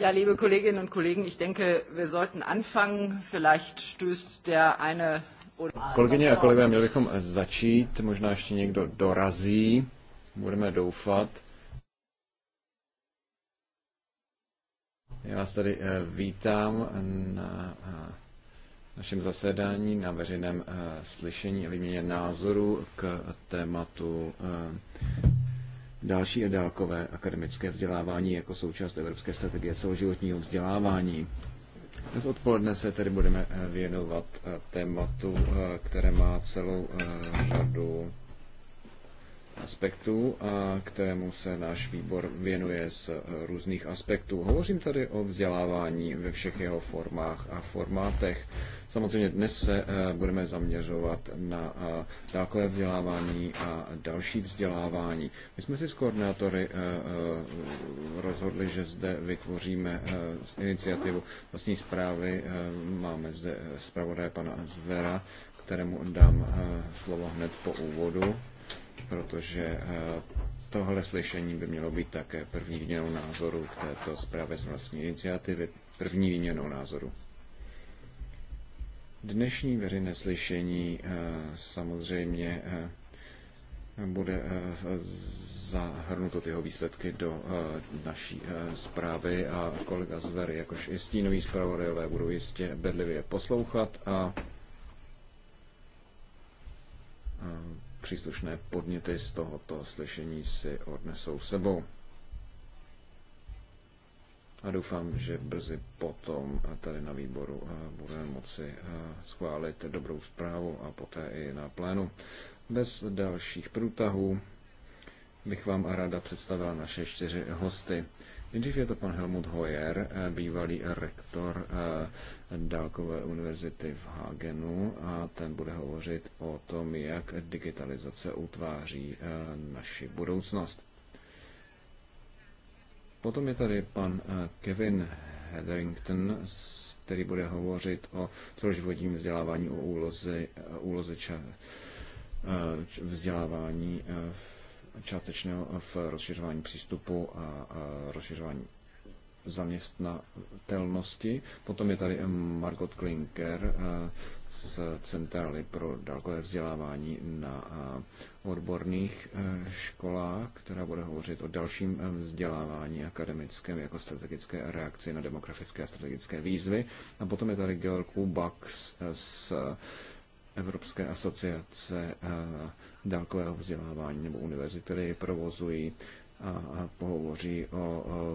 Ja, liebe Kolleginnen und Kollegen, ich denke, wir sollten anfangen. Vielleicht stößt der eine oder andere. Kolegyně a kolegové, měli bychom začít. Možná ještě někdo dorazí. Budeme doufat. Já vás tady eh, vítám na eh, našem zasedání, na veřejném eh, slyšení a výměně názoru k tématu další a dálkové akademické vzdělávání jako součást Evropské strategie celoživotního vzdělávání. Dnes odpoledne se tedy budeme eh, věnovat eh, tématu, eh, které má celou řadu aspektů, a kterému se náš výbor věnuje z eh, různých aspektů. Hovořím tady o vzdělávání ve všech jeho formách a formátech. Samozřejmě dnes se eh, budeme zaměřovat na eh, dálkové vzdělávání a další vzdělávání. My jsme si s koordinátory rozhodli, že zde vytvoříme iniciativu vlastní zprávy. Máme zde zpravodaje pana Zvera, kterému dám slovo hned po úvodu protože eh, tohle slyšení by mělo být také první výměnou názoru k této zprávě z vlastní iniciativy, první výměnou názoru. Dnešní veřejné slyšení eh, samozřejmě eh, bude zahrnuto jeho výsledky do naší zprávy a kolega Zver, jakož i stínový zpravodajové, budou jistě bedlivě poslouchat a příslušné podněty z tohoto slyšení si odnesou sebou. A doufám, že brzy potom tady na výboru eh, budeme moci eh, schválit dobrou zprávu a poté i na plénu. Bez dalších průtahů bych vám ráda představila naše čtyři hosty. Nejdřív je to pan Helmut Hoyer, eh, bývalý rektor dálkové univerzity v Hagenu a ten bude hovořit o tom, jak digitalizace utváří eh, naši budoucnost. Potom je tady pan eh, Kevin Hetherington, který bude hovořit o celoživotním vzdělávání, o úloze, eh, úloze ča, vzdělávání v částečného v rozšiřování přístupu a rozšiřování zaměstnatelnosti. Potom je tady Margot Klinker eh, z Centrály pro dálkové vzdělávání na eh, odborných eh, školách, která bude hovořit o dalším vzdělávání akademickém jako strategické reakci na demografické a strategické výzvy. A potom je tady Georg Bax z Evropské asociace dálkového vzdělávání nebo univerzity, které provozují a pohovoří o,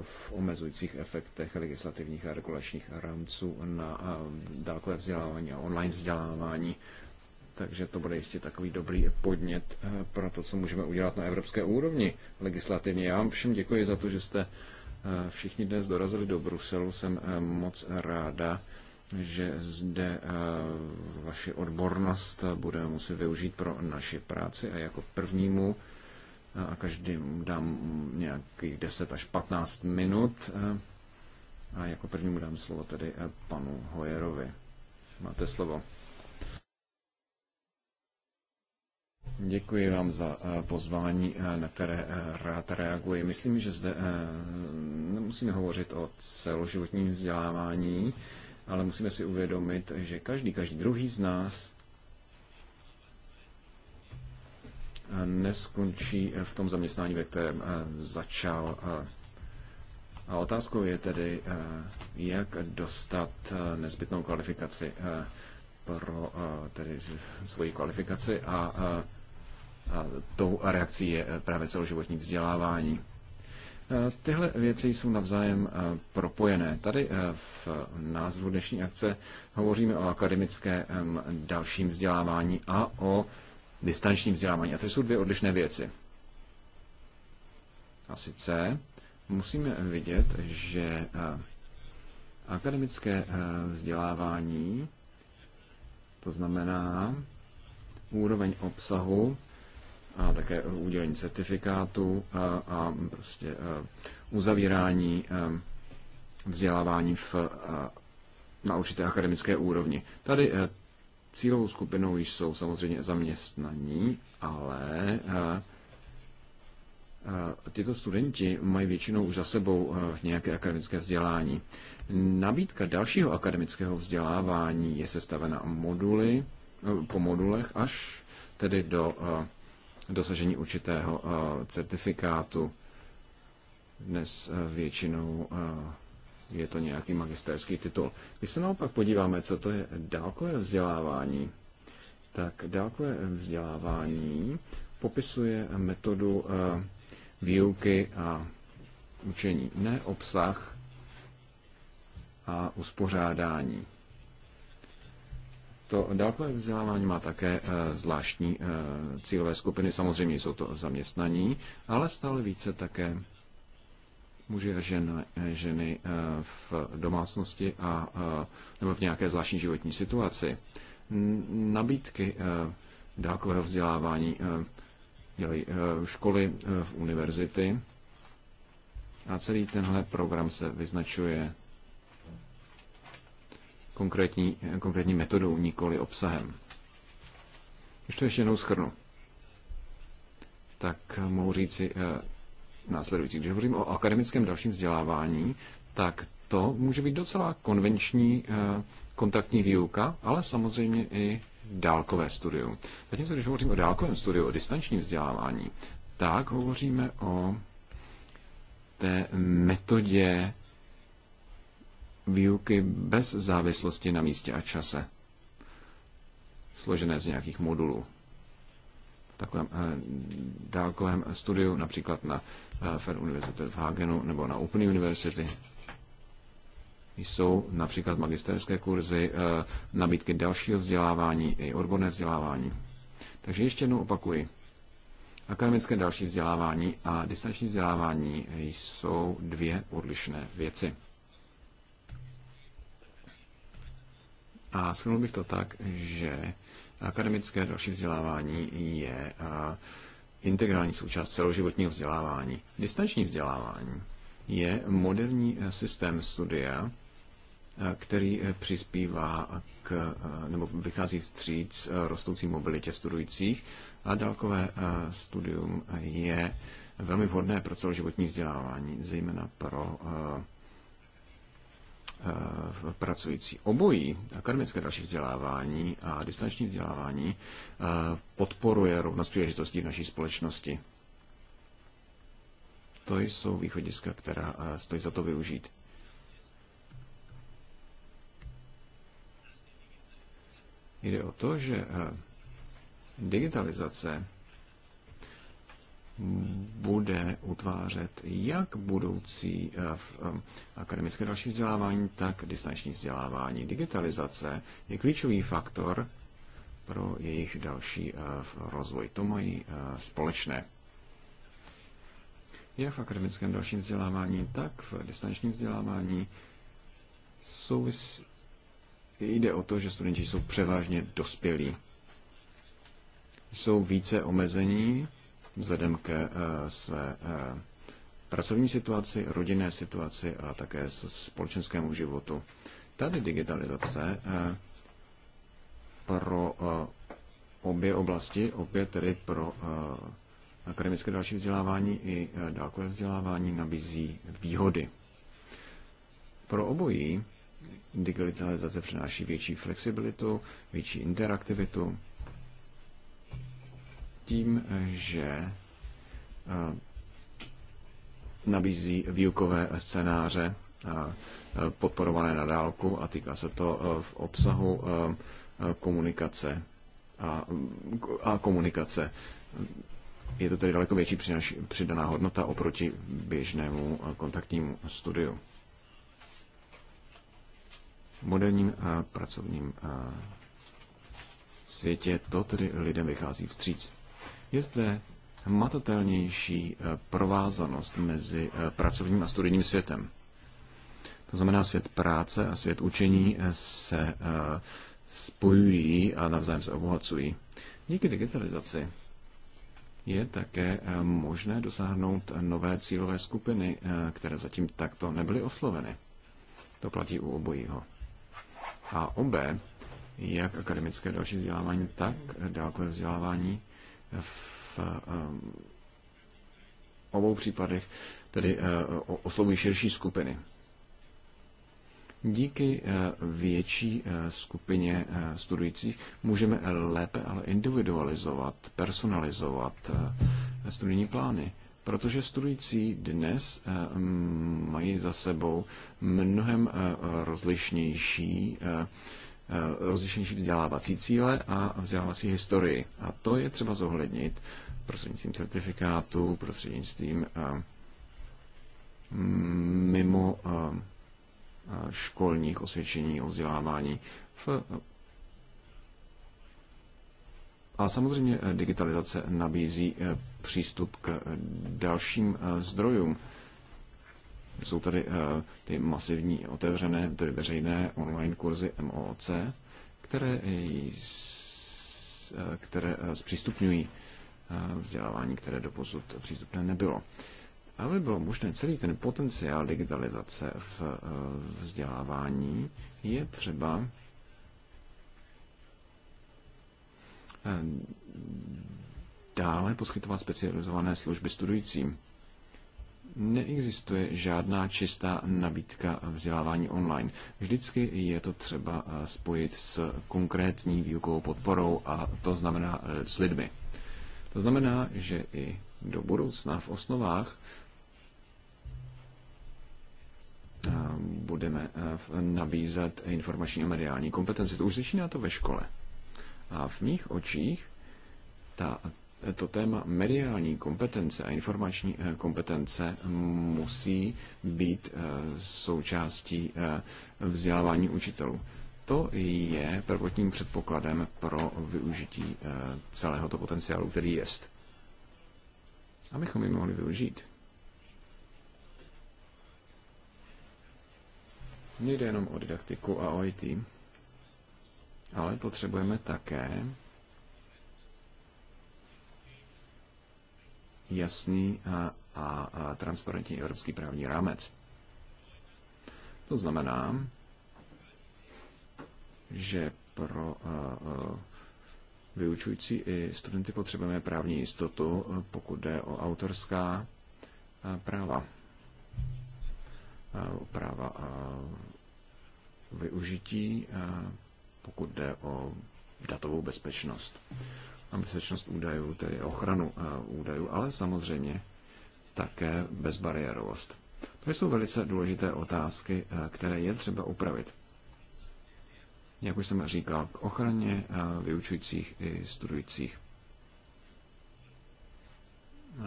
v omezujících efektech legislativních a regulačních rámců na dálkové vzdělávání a online vzdělávání. Takže to bude jistě takový dobrý podnět pro to, co můžeme udělat na evropské úrovni legislativně. Já vám všem děkuji za to, že jste všichni dnes dorazili do Bruselu. Jsem moc ráda, že zde vaši odbornost budeme muset využít pro naši práci a jako prvnímu a mu dám nějakých 10 až 15 minut. A jako prvnímu dám slovo tedy eh, panu Hojerovi. Máte slovo. Děkuji vám za eh, pozvání, eh, na které rád reaguji. Myslím, že zde nemusíme hovořit o celoživotním vzdělávání, ale musíme si uvědomit, že každý, každý druhý z nás neskončí v tom zaměstnání, ve kterém eh, začal. A otázkou je tedy, eh, jak dostat eh, nezbytnou kvalifikaci pro tedy svoji kvalifikaci a, a tou reakcí je právě celoživotní vzdělávání. Tyhle věci jsou navzájem propojené. Tady v názvu dnešní akce hovoříme o akademickém dalším vzdělávání a o distanční vzdělávání. A to jsou dvě odlišné věci. A sice musíme vidět, že eh, akademické eh, vzdělávání, to znamená úroveň obsahu, a také udělení certifikátu a, eh, a prostě uzavírání vzdělávání v, na určité akademické úrovni. Tady Cílovou skupinou již jsou samozřejmě zaměstnaní, ale eh, eh, tyto studenti mají většinou už za sebou eh, nějaké akademické vzdělání. Nabídka dalšího akademického vzdělávání je sestavena moduly, po modulech až tedy do dosažení určitého certifikátu. Dnes většinou je to nějaký magisterský titul. Když se naopak podíváme, co to je dálkové vzdělávání, tak dálkové vzdělávání popisuje metodu eh, výuky a učení, ne obsah a uspořádání. To dálkové vzdělávání má také eh, zvláštní eh, cílové skupiny, samozřejmě jsou to zaměstnaní, ale stále více také muži a žen, ženy eh, v domácnosti a, eh, nebo v nějaké zvláštní životní situaci. Nabídky eh, dálkového vzdělávání dělají školy, v univerzity a celý tenhle program se vyznačuje konkrétní, konkrétní metodou, nikoli obsahem. Když to ještě jednou schrnu, tak mohu říci, následující. Když hovořím o akademickém dalším vzdělávání, tak to může být docela konvenční eh, kontaktní výuka, ale samozřejmě i dálkové studium. Zatímco, když hovořím o dálkovém studiu, o distančním vzdělávání, tak hovoříme o té metodě výuky bez závislosti na místě a čase, složené z nějakých modulů takovém eh, dálkovém studiu, například na eh, Fed University v Hagenu nebo na Open University. Jsou například magisterské kurzy, eh, nabídky dalšího vzdělávání i odborné vzdělávání. Takže ještě jednou opakuji. Akademické další vzdělávání a distanční vzdělávání jsou dvě odlišné věci. A shrnul bych to tak, že Akademické další vzdělávání je integrální součást celoživotního vzdělávání. Distanční vzdělávání je moderní e, systém studia, e, který e, přispívá k, nebo vychází vstříc rostoucí mobilitě studujících a dálkové studium je velmi vhodné pro celoživotní vzdělávání, zejména pro Eh, pracující. Obojí, akademické další vzdělávání a distanční vzdělávání, eh, podporuje rovnost příležitostí v naší společnosti. To jsou východiska, která eh, stojí za to využít. Jde o to, že digitalizace bude utvářet jak budoucí eh, eh, akademické další vzdělávání, tak distanční vzdělávání. Digitalizace je klíčový faktor pro jejich další eh, rozvoj. To mají společné. Jak v akademickém dalším vzdělávání, tak v distančním vzdělávání souvis... jde o to, že studenti jsou převážně dospělí. Jsou více omezení vzhledem ke eh, své eh, pracovní situaci, rodinné situaci a také společenskému životu. Tady digitalizace eh, pro obě oblasti, opět tedy pro akademické další vzdělávání i dálkové vzdělávání nabízí výhody. Pro obojí digitalizace přináší větší flexibilitu, větší interaktivitu, tím, že eh, nabízí výukové scénáře eh, podporované na dálku a týká se to eh, v obsahu komunikace a, komunikace. Je to tedy daleko větší přidaná hodnota oproti běžnému kontaktnímu studiu. V moderním pracovním světě to tedy lidem vychází vstříc. Je zde hmatatelnější eh, provázanost mezi eh, pracovním a studijním světem. To znamená, svět práce a svět učení eh, se spojují a navzájem se obohacují. Díky digitalizaci je také možné dosáhnout nové cílové skupiny, které zatím takto nebyly osloveny. To platí u obojího. A obé, jak akademické další vzdělávání, tak dálkové vzdělávání, v ehm, obou případech tedy eh, oslovují širší skupiny. Díky eh, větší eh, skupině studujících můžeme lépe ale individualizovat, personalizovat studijní plány, protože studující dnes mají za sebou mnohem rozlišnější Eh, rozlišnější vzdělávací cíle a vzdělávací historii. A to je třeba zohlednit prostřednictvím certifikátu, prostřednictvím eh, mimo eh, školních osvědčení o vzdělávání v a samozřejmě digitalizace nabízí přístup k dalším zdrojům jsou tady eh, ty masivní otevřené, tedy veřejné online kurzy MOC, které, eh, které eh, zpřístupňují vzdělávání, které doposud přístupné nebylo. Aby bylo možné celý ten potenciál digitalizace v vzdělávání, je třeba dále poskytovat specializované služby studujícím neexistuje žádná čistá nabídka vzdělávání online. Vždycky je to třeba eh, spojit s konkrétní výukovou podporou a to znamená eh, s lidmi. To znamená, že i do budoucna v osnovách eh, budeme nabízet informační a mediální kompetenci. To už začíná to ve škole. A v mých očích ta to téma mediální kompetence a informační eh, kompetence musí být eh, součástí eh, vzdělávání učitelů. To je prvotním předpokladem pro využití celého toho potenciálu, který jest. Abychom ji mohli využít. Nejde jenom o didaktiku a o IT, ale potřebujeme také jasný a, a, a transparentní evropský právní rámec. To znamená, že pro a, a, vyučující i studenty potřebujeme právní jistotu, pokud jde o autorská práva. Práva využití, pokud jde o datovou bezpečnost bezpečnost údajů, tedy ochranu eh, údajů, ale samozřejmě také bezbariérovost. To jsou velice důležité otázky, eh, které je třeba upravit. Jak už jsem říkal, k ochraně eh, vyučujících i studujících.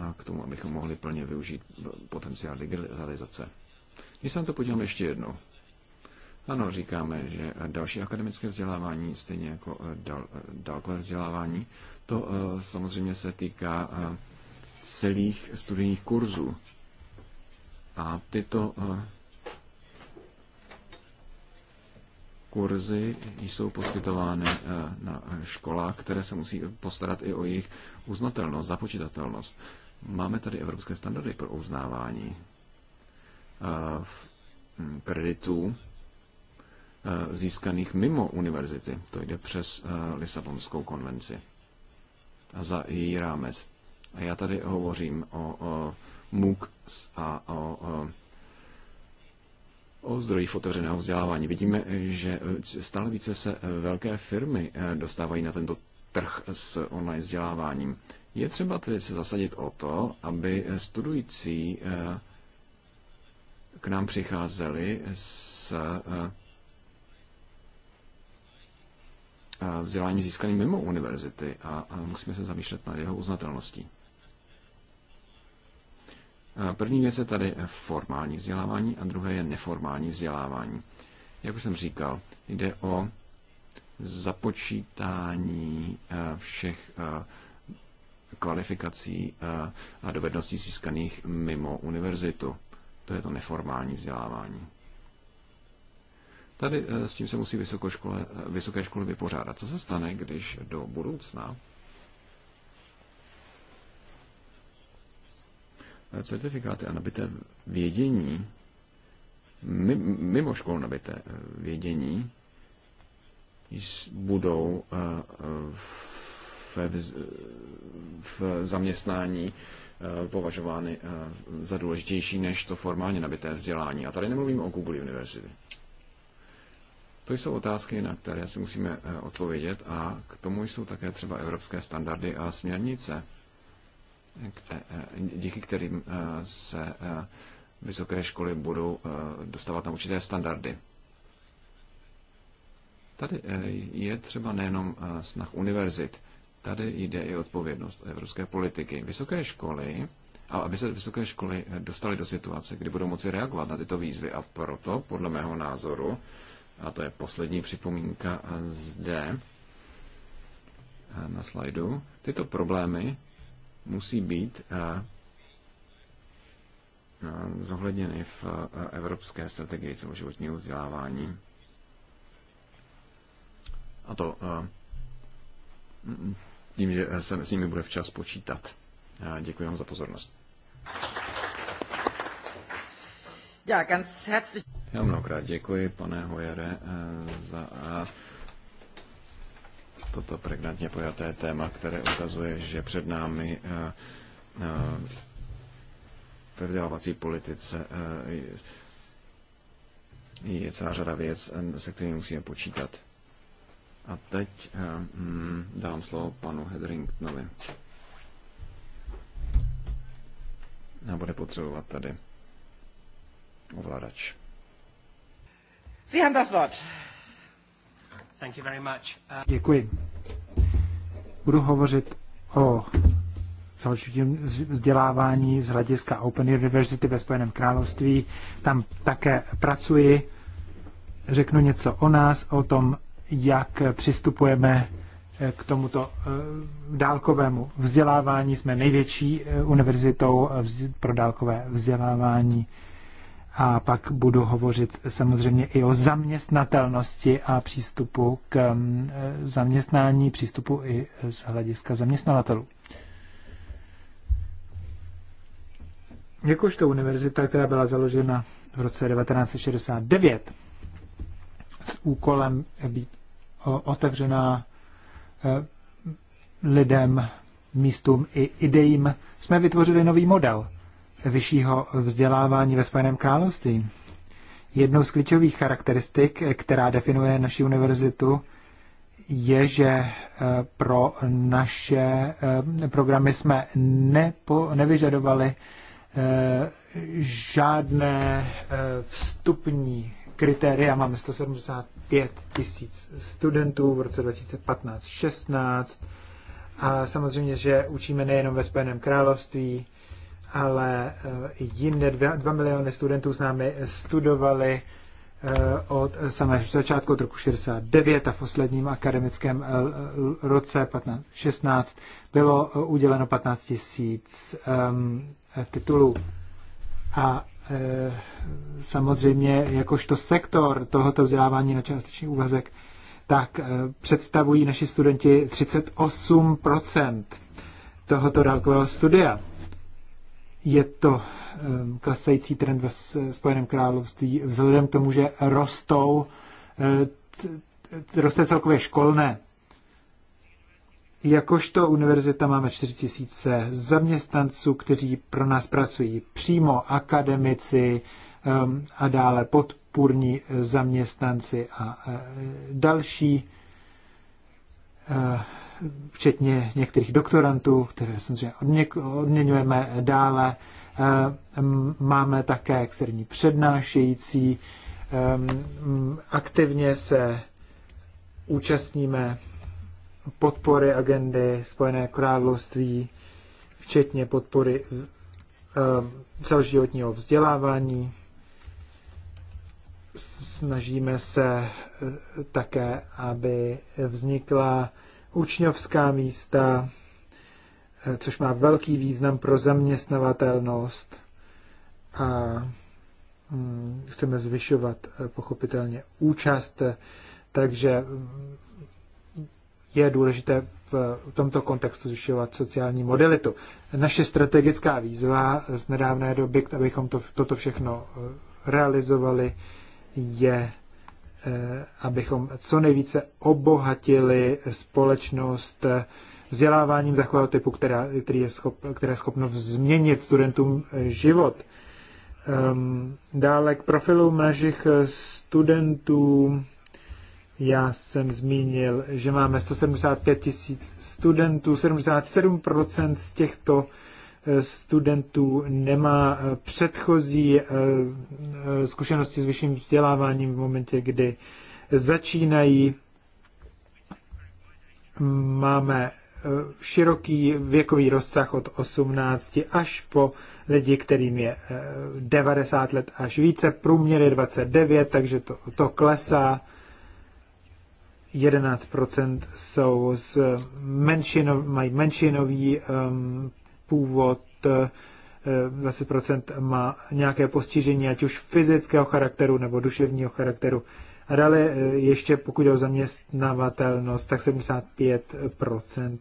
A k tomu, abychom mohli plně využít potenciál digitalizace. Když se na to podívám ještě jednou. Ano, říkáme, že další akademické vzdělávání, stejně jako dal, dálkové vzdělávání, to eh, samozřejmě se týká eh, celých studijních kurzů. A tyto eh, kurzy jsou poskytovány na školách, které se musí postarat i o jejich uznatelnost, započítatelnost. Máme tady evropské standardy pro uznávání hm, kreditů získaných mimo univerzity. To jde přes Lisabonskou konvenci za její rámec. A já tady hovořím o, o MOOC a o, o o zdrojích otevřeného vzdělávání. Vidíme, že stále více se velké firmy eh, dostávají na tento trh s online vzděláváním. Je třeba tedy se zasadit o to, aby studující eh, k nám přicházeli s eh, vzdělání získaný mimo univerzity a musíme se zamýšlet nad jeho uznatelností. První věc je tady formální vzdělávání a druhé je neformální vzdělávání. Jak už jsem říkal, jde o započítání eh, všech eh, kvalifikací eh, a dovedností získaných mimo univerzitu. To je to neformální vzdělávání. Tady eh, s tím se musí eh, vysoké školy vypořádat. Co se stane, když do budoucna eh, certifikáty a nabité vědění, mimo škol nabité vědění, budou v zaměstnání považovány za důležitější než to formálně nabité vzdělání. A tady nemluvím o Google University. To jsou otázky, na které si musíme eh, odpovědět a k tomu jsou také třeba evropské standardy a směrnice, eh, díky kterým eh, se vysoké školy budou dostávat na určité standardy. Tady je třeba nejenom snah univerzit, tady jde i odpovědnost evropské politiky. Vysoké školy, a aby se vysoké školy dostaly do situace, kdy budou moci reagovat na tyto výzvy a proto, podle mého názoru, a to je poslední připomínka zde na slajdu, tyto problémy musí být eh, eh, zohledněny v eh, evropské strategii celoživotního vzdělávání. A to mm, mm, tím, že se s nimi bude včas počítat. Děkuji vám za pozornost. Ja, ganz herzlich. Já mnohokrát děkuji, pane Hojere, eh, za eh, toto pregnantně pojaté téma, které ukazuje, že před námi eh, ve vzdělávací politice je celá řada věc, se kterými musíme počítat. A teď hm, dám slovo panu Hedringtonovi. A bude potřebovat tady ovladač. Sie haben das Wort. Thank you very much. Uh... Děkuji. Budu hovořit o celoživotním vzdělávání z hlediska Open University ve Spojeném království. Tam také pracuji. Řeknu něco o nás, o tom, jak přistupujeme eh, k tomuto eh, dálkovému vzdělávání. Jsme největší eh, univerzitou pro dálkové vzdělávání a pak budu hovořit samozřejmě i o zaměstnatelnosti a přístupu k mm, e, zaměstnání, přístupu i z hlediska zaměstnavatelů. Jakožto univerzita, která byla založena v roce 1969 s úkolem být otevřená e, lidem, místům i idejím, jsme vytvořili nový model – vyššího vzdělávání ve Spojeném království. Jednou z klíčových charakteristik, která definuje naši univerzitu, je, že eh, pro naše eh, programy jsme nepo, nevyžadovali eh, žádné vstupní kritéria. Máme 175 tisíc studentů v roce 2015-16 a samozřejmě, že učíme nejenom ve Spojeném království, ale eh, jinde 2 miliony studentů s námi studovali eh, od samého začátku od roku 69 a v posledním akademickém eh, roce 15, 16 bylo uděleno 15 tisíc um, titulů. A e, samozřejmě jakožto sektor tohoto vzdělávání na částečný úvazek, tak e, představují naši studenti 38% tohoto dálkového studia je to ehm, klesající trend ve Spojeném království vzhledem k tomu, že rostou, eh, roste celkově školné. Jakožto univerzita máme 4 tisíce zaměstnanců, kteří pro nás pracují přímo, akademici ehm, a dále podpůrní eh, zaměstnanci a eh, další včetně některých doktorantů, které samozřejmě odměňujeme dále. Eh, máme také externí přednášející, eh, aktivně se účastníme podpory agendy Spojené království, včetně podpory eh, celoživotního vzdělávání. Snažíme se také, aby vznikla učňovská místa, eh, což má velký význam pro zaměstnavatelnost a mm, chceme zvyšovat eh, pochopitelně účast, eh, takže mm, je důležité v tomto kontextu zvyšovat sociální modelitu. Naše strategická výzva z nedávné doby, abychom to, toto všechno realizovali, je Eh, abychom co nejvíce obohatili společnost eh, vzděláváním takového typu, která, který je schop, které je schopno změnit studentům eh, život. Ehm, dále k profilu našich studentů. Já jsem zmínil, že máme 175 tisíc studentů, 77% z těchto Eh, studentů nemá eh, předchozí eh, zkušenosti s vyšším vzděláváním v momentě, kdy začínají. Máme široký věkový rozsah od 18 až po lidi, kterým je 90 let až více, průměr je 29, takže to, to klesá. 11% jsou z menšinov, mají menšinový um, původ, 20% eh, má nějaké postižení, ať už fyzického charakteru nebo duševního charakteru. A dále eh, ještě pokud je o zaměstnavatelnost, tak 75%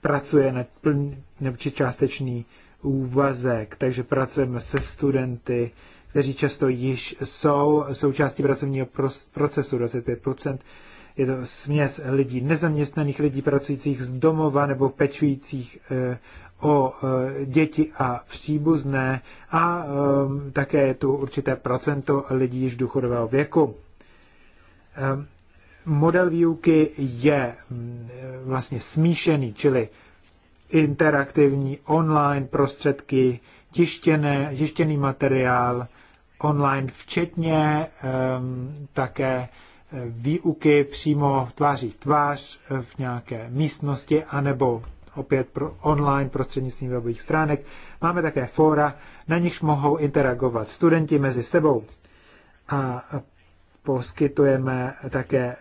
pracuje na plný nebo částečný úvazek, takže pracujeme se studenty, kteří často již jsou součástí pracovního procesu 25%. Je to směs lidí, nezaměstnaných lidí pracujících z domova nebo pečujících eh, o eh, děti a příbuzné a ehm, také je tu určité procento lidí již důchodového věku. Ehm, model výuky je mm, eh, vlastně smíšený, čili interaktivní online prostředky, tištěné, tištěný materiál, online, včetně také eh, výuky přímo tváří tvář eh, v nějaké místnosti, anebo opět pro online prostřednictvím webových stránek. Máme také fóra, na nichž mohou interagovat studenti mezi sebou. A eh, poskytujeme také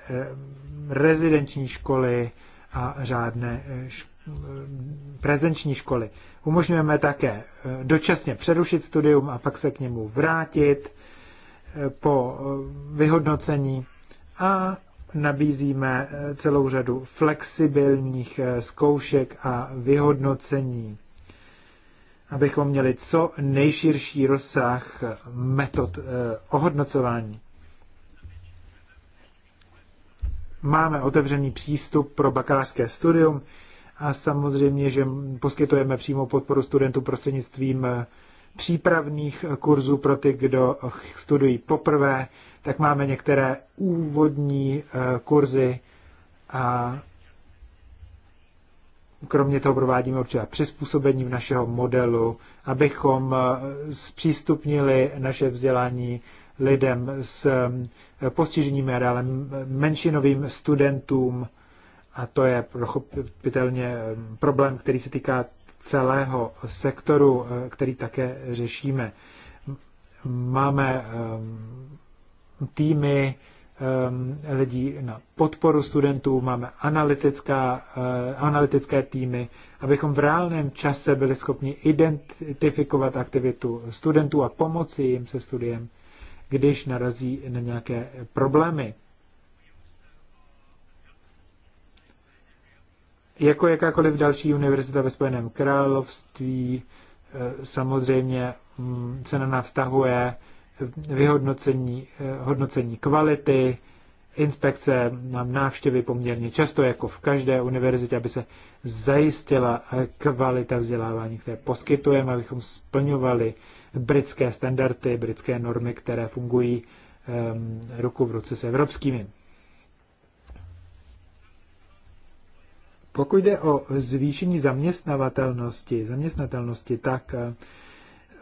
rezidenční školy a řádné školy prezenční školy. Umožňujeme také eh, dočasně přerušit studium a pak se k němu vrátit eh, po eh, vyhodnocení a nabízíme celou řadu flexibilních zkoušek a vyhodnocení, abychom měli co nejširší rozsah metod ohodnocování. Máme otevřený přístup pro bakalářské studium, a samozřejmě, že poskytujeme přímo podporu studentů prostřednictvím eh, přípravných eh, kurzů pro ty, kdo eh, studují poprvé, tak máme některé úvodní kurzy a kromě toho provádíme určitá přizpůsobení v našeho modelu, abychom zpřístupnili naše vzdělání lidem s postižením a dále menšinovým studentům, a to je pochopitelně eh, problém, který se týká celého sektoru, eh, který také řešíme. Máme eh, týmy lidí na podporu studentů, máme analytická, analytické týmy, abychom v reálném čase byli schopni identifikovat aktivitu studentů a pomoci jim se studiem, když narazí na nějaké problémy jako jakákoliv další univerzita ve Spojeném království, eh, samozřejmě mm, se na nás vztahuje vyhodnocení eh, hodnocení kvality, inspekce, na návštěvy poměrně často, jako v každé univerzitě, aby se zajistila eh, kvalita vzdělávání, které poskytujeme, abychom splňovali britské standardy, britské normy, které fungují ehm, ruku v ruce s evropskými. Pokud jde o zvýšení zaměstnavatelnosti, zaměstnatelnosti, tak eh,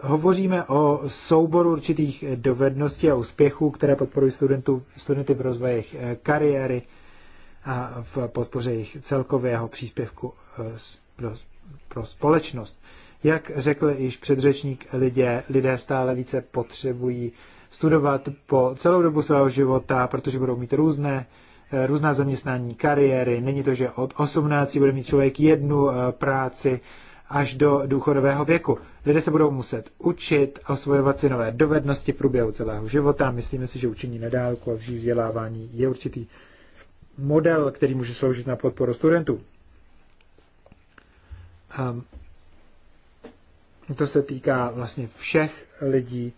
hovoříme o souboru určitých dovedností a úspěchů, které podporují studentů, studenty v rozvoji eh, kariéry a v podpoře jejich celkového příspěvku eh, pro, pro společnost. Jak řekl již předřečník, lidé, lidé stále více potřebují studovat po celou dobu svého života, protože budou mít různé Eh, různá zaměstnání, kariéry. Není to, že od 18 bude mít člověk jednu eh, práci až do důchodového věku. Lidé se budou muset učit, osvojovat si nové dovednosti v průběhu celého života. Myslíme si, že učení na dálku a vživ vzdělávání je určitý model, který může sloužit na podporu studentů. Um, to se týká vlastně všech lidí,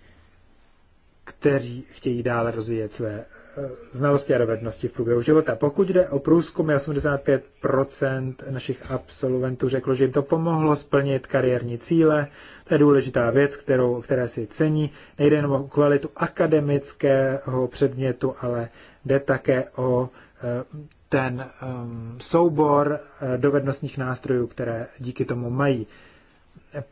kteří chtějí dále rozvíjet své Eh, znalosti a dovednosti v průběhu života. Pokud jde o průzkum, 85% našich absolventů řeklo, že jim to pomohlo splnit kariérní cíle. To je důležitá věc, kterou, které si cení. Nejde jenom o kvalitu akademického předmětu, ale jde také o eh, ten ehm, soubor eh, dovednostních nástrojů, které díky tomu mají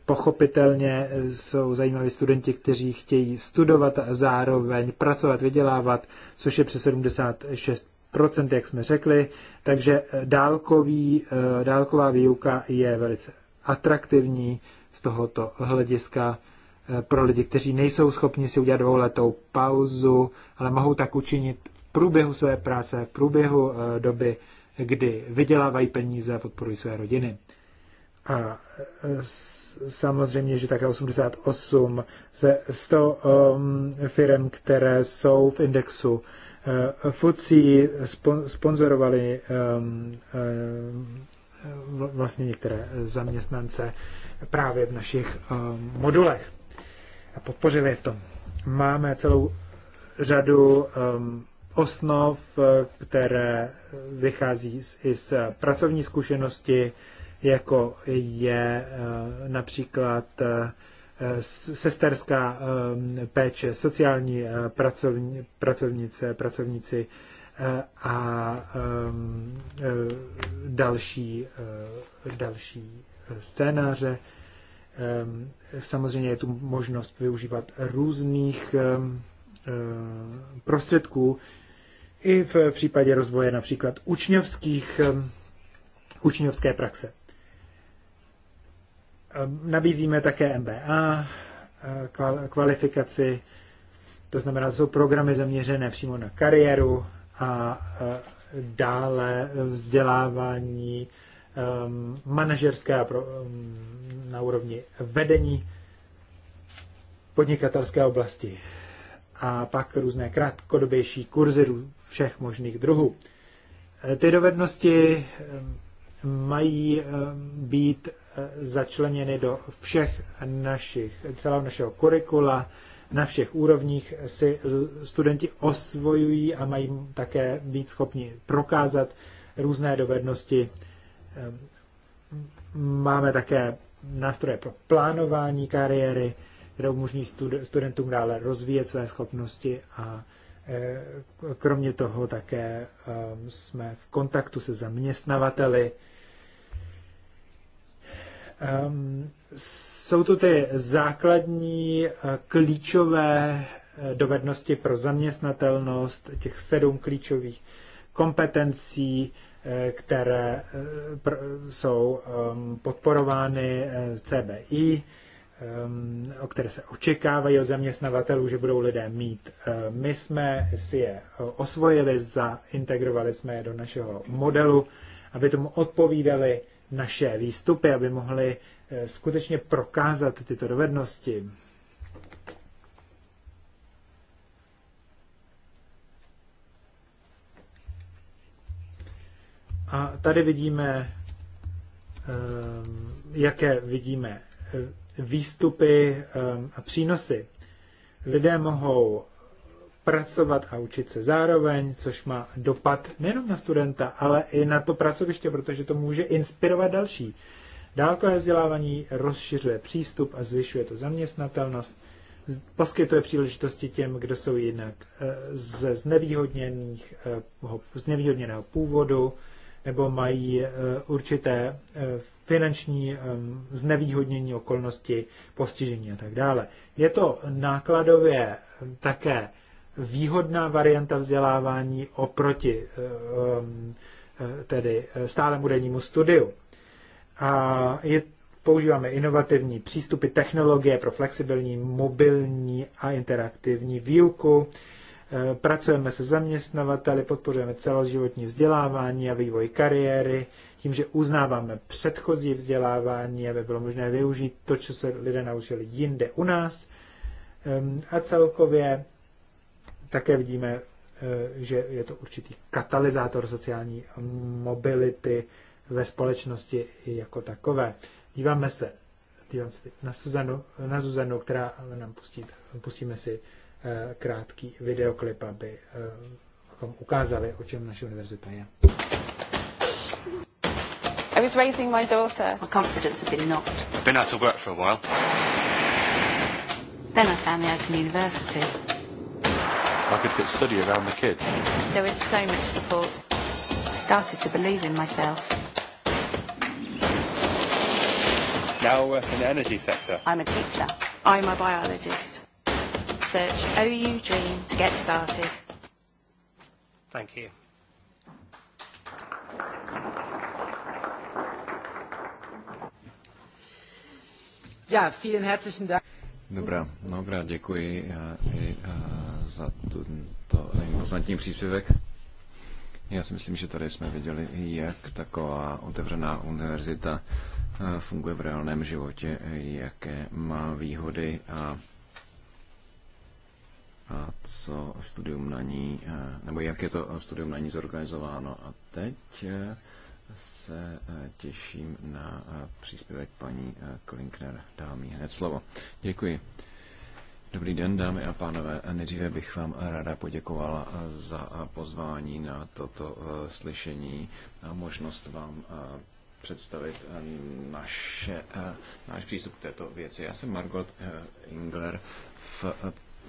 pochopitelně jsou zajímaví studenti, kteří chtějí studovat a zároveň pracovat, vydělávat, což je přes 76 jak jsme řekli, takže dálkový, eh, dálková výuka je velice atraktivní z tohoto hlediska eh, pro lidi, kteří nejsou schopni si udělat dvouletou pauzu, ale mohou tak učinit v průběhu své práce, v průběhu eh, doby, kdy vydělávají peníze a podporují své rodiny. A samozřejmě, že také 88 ze 100 um, firm, které jsou v indexu uh, eh, FUCI, spon, sponzorovali um, uh, vlastně některé zaměstnance právě v našich um, modulech a podpořili je v tom. Máme celou řadu um, osnov, eh, které vychází z, i z pracovní zkušenosti, jako je eh, například eh, sesterská eh, péče, sociální pracovnice, pracovníci a ehm, další, další scénáře. Ehm, samozřejmě je tu možnost využívat různých ehm, prostředků, i v případě rozvoje například učňovských, učňovské praxe. Ehm, nabízíme také MBA, eh, kvalifikaci, to znamená, jsou programy zaměřené přímo na kariéru a eh, dále vzdělávání ehm, manažerské ehm, na úrovni vedení podnikatelské oblasti a pak různé krátkodobější kurzy všech možných druhů. Eh, ty dovednosti mají být začleněny do všech našich, celého našeho kurikula, na všech úrovních si studenti osvojují a mají také být schopni prokázat různé dovednosti. Máme také nástroje pro plánování kariéry, které umožní studentům dále rozvíjet své schopnosti a e, kromě toho také e, jsme v kontaktu se zaměstnavateli, Ehm, jsou to ty základní eh, klíčové eh, dovednosti pro zaměstnatelnost, těch sedm klíčových kompetencí, eh, které jsou ehm, podporovány CBI, ehm, o které se očekávají od zaměstnavatelů, že budou lidé mít. My jsme si je osvojili, zaintegrovali jsme je do našeho modelu, aby tomu odpovídali naše výstupy, aby mohli eh, skutečně prokázat tyto dovednosti. A tady vidíme, eh, jaké vidíme eh, výstupy a přínosy. Lidé mohou pracovat a učit se zároveň, což má dopad nejenom na studenta, ale i na to pracoviště, protože to může inspirovat další. Dálkové vzdělávání rozšiřuje přístup a zvyšuje to zaměstnatelnost, poskytuje příležitosti těm, kdo jsou jinak eh, ze eh, znevýhodněného původu nebo mají eh, určité finanční znevýhodnění okolnosti, postižení a tak dále. Je to nákladově také výhodná varianta vzdělávání oproti eh, eh, tedy eh, stálemu dennímu studiu. A je, používáme inovativní přístupy, technologie pro flexibilní, mobilní a interaktivní výuku. Pracujeme se zaměstnavateli, podporujeme celoživotní vzdělávání a vývoj kariéry, tím, že uznáváme předchozí vzdělávání, aby bylo možné využít to, co se lidé naučili jinde u nás. A celkově také vidíme, eh, že je to určitý katalyzátor sociální mobility ve společnosti jako takové. Díváme se, dívám se na Suzanu, na Zuzanu, která nám pustí, pustíme si eh, krátký videoklip, aby eh, ukázali, o čem naše univerzita je. I was raising my daughter. My confidence had been knocked. I've been out of work for a while. Then I found the Open University. I could fit study around the kids. There was so much support. I started to believe in myself. Now I uh, work in the energy sector. I'm a teacher. I'm a biologist. Search OU Dream to get started. Thank you. Ja, vielen herzlichen Dank. Dobrá, mnohokrát děkuji i za tento impozantní příspěvek. Já si myslím, že tady jsme viděli, jak taková otevřená univerzita eh, funguje v reálném životě, jaké má výhody a, a co studium na ní, eh, nebo jak je to studium na ní zorganizováno. A teď eh, se těším na příspěvek paní Klinkner. Dám jí hned slovo. Děkuji. Dobrý den, dámy a pánové. Nejdříve bych vám ráda poděkovala za pozvání na toto eh, slyšení a možnost vám eh, představit eh, naše, náš přístup k této věci. Já jsem Margot Ingler v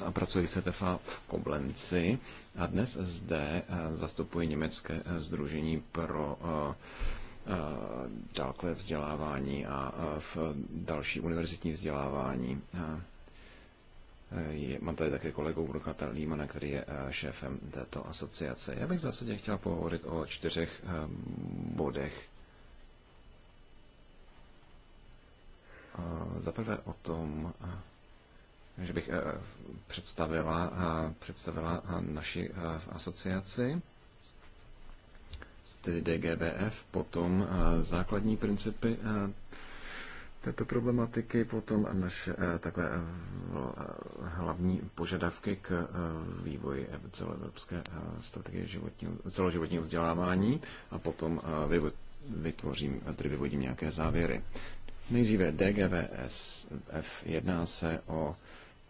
a pracuji v CTFA v Koblenci a dnes zde zastupuji německé združení pro dálkové vzdělávání a v další univerzitní vzdělávání. Je, mám tady také kolegu Brokata Límana, který je eh, šéfem této asociace. Já bych v zásadě chtěl pohovorit o čtyřech eh, bodech. Za prvé o tom, eh, že bych představila, představila naši asociaci, tedy DGBF, potom základní principy této problematiky, potom naše eh, takové eh, eh, hlavní požadavky k vývoji celoevropské strategie životního, celoživotního vzdělávání a potom vytvořím, tedy vyvodím nějaké závěry. Nejdříve DGVS f jedná se o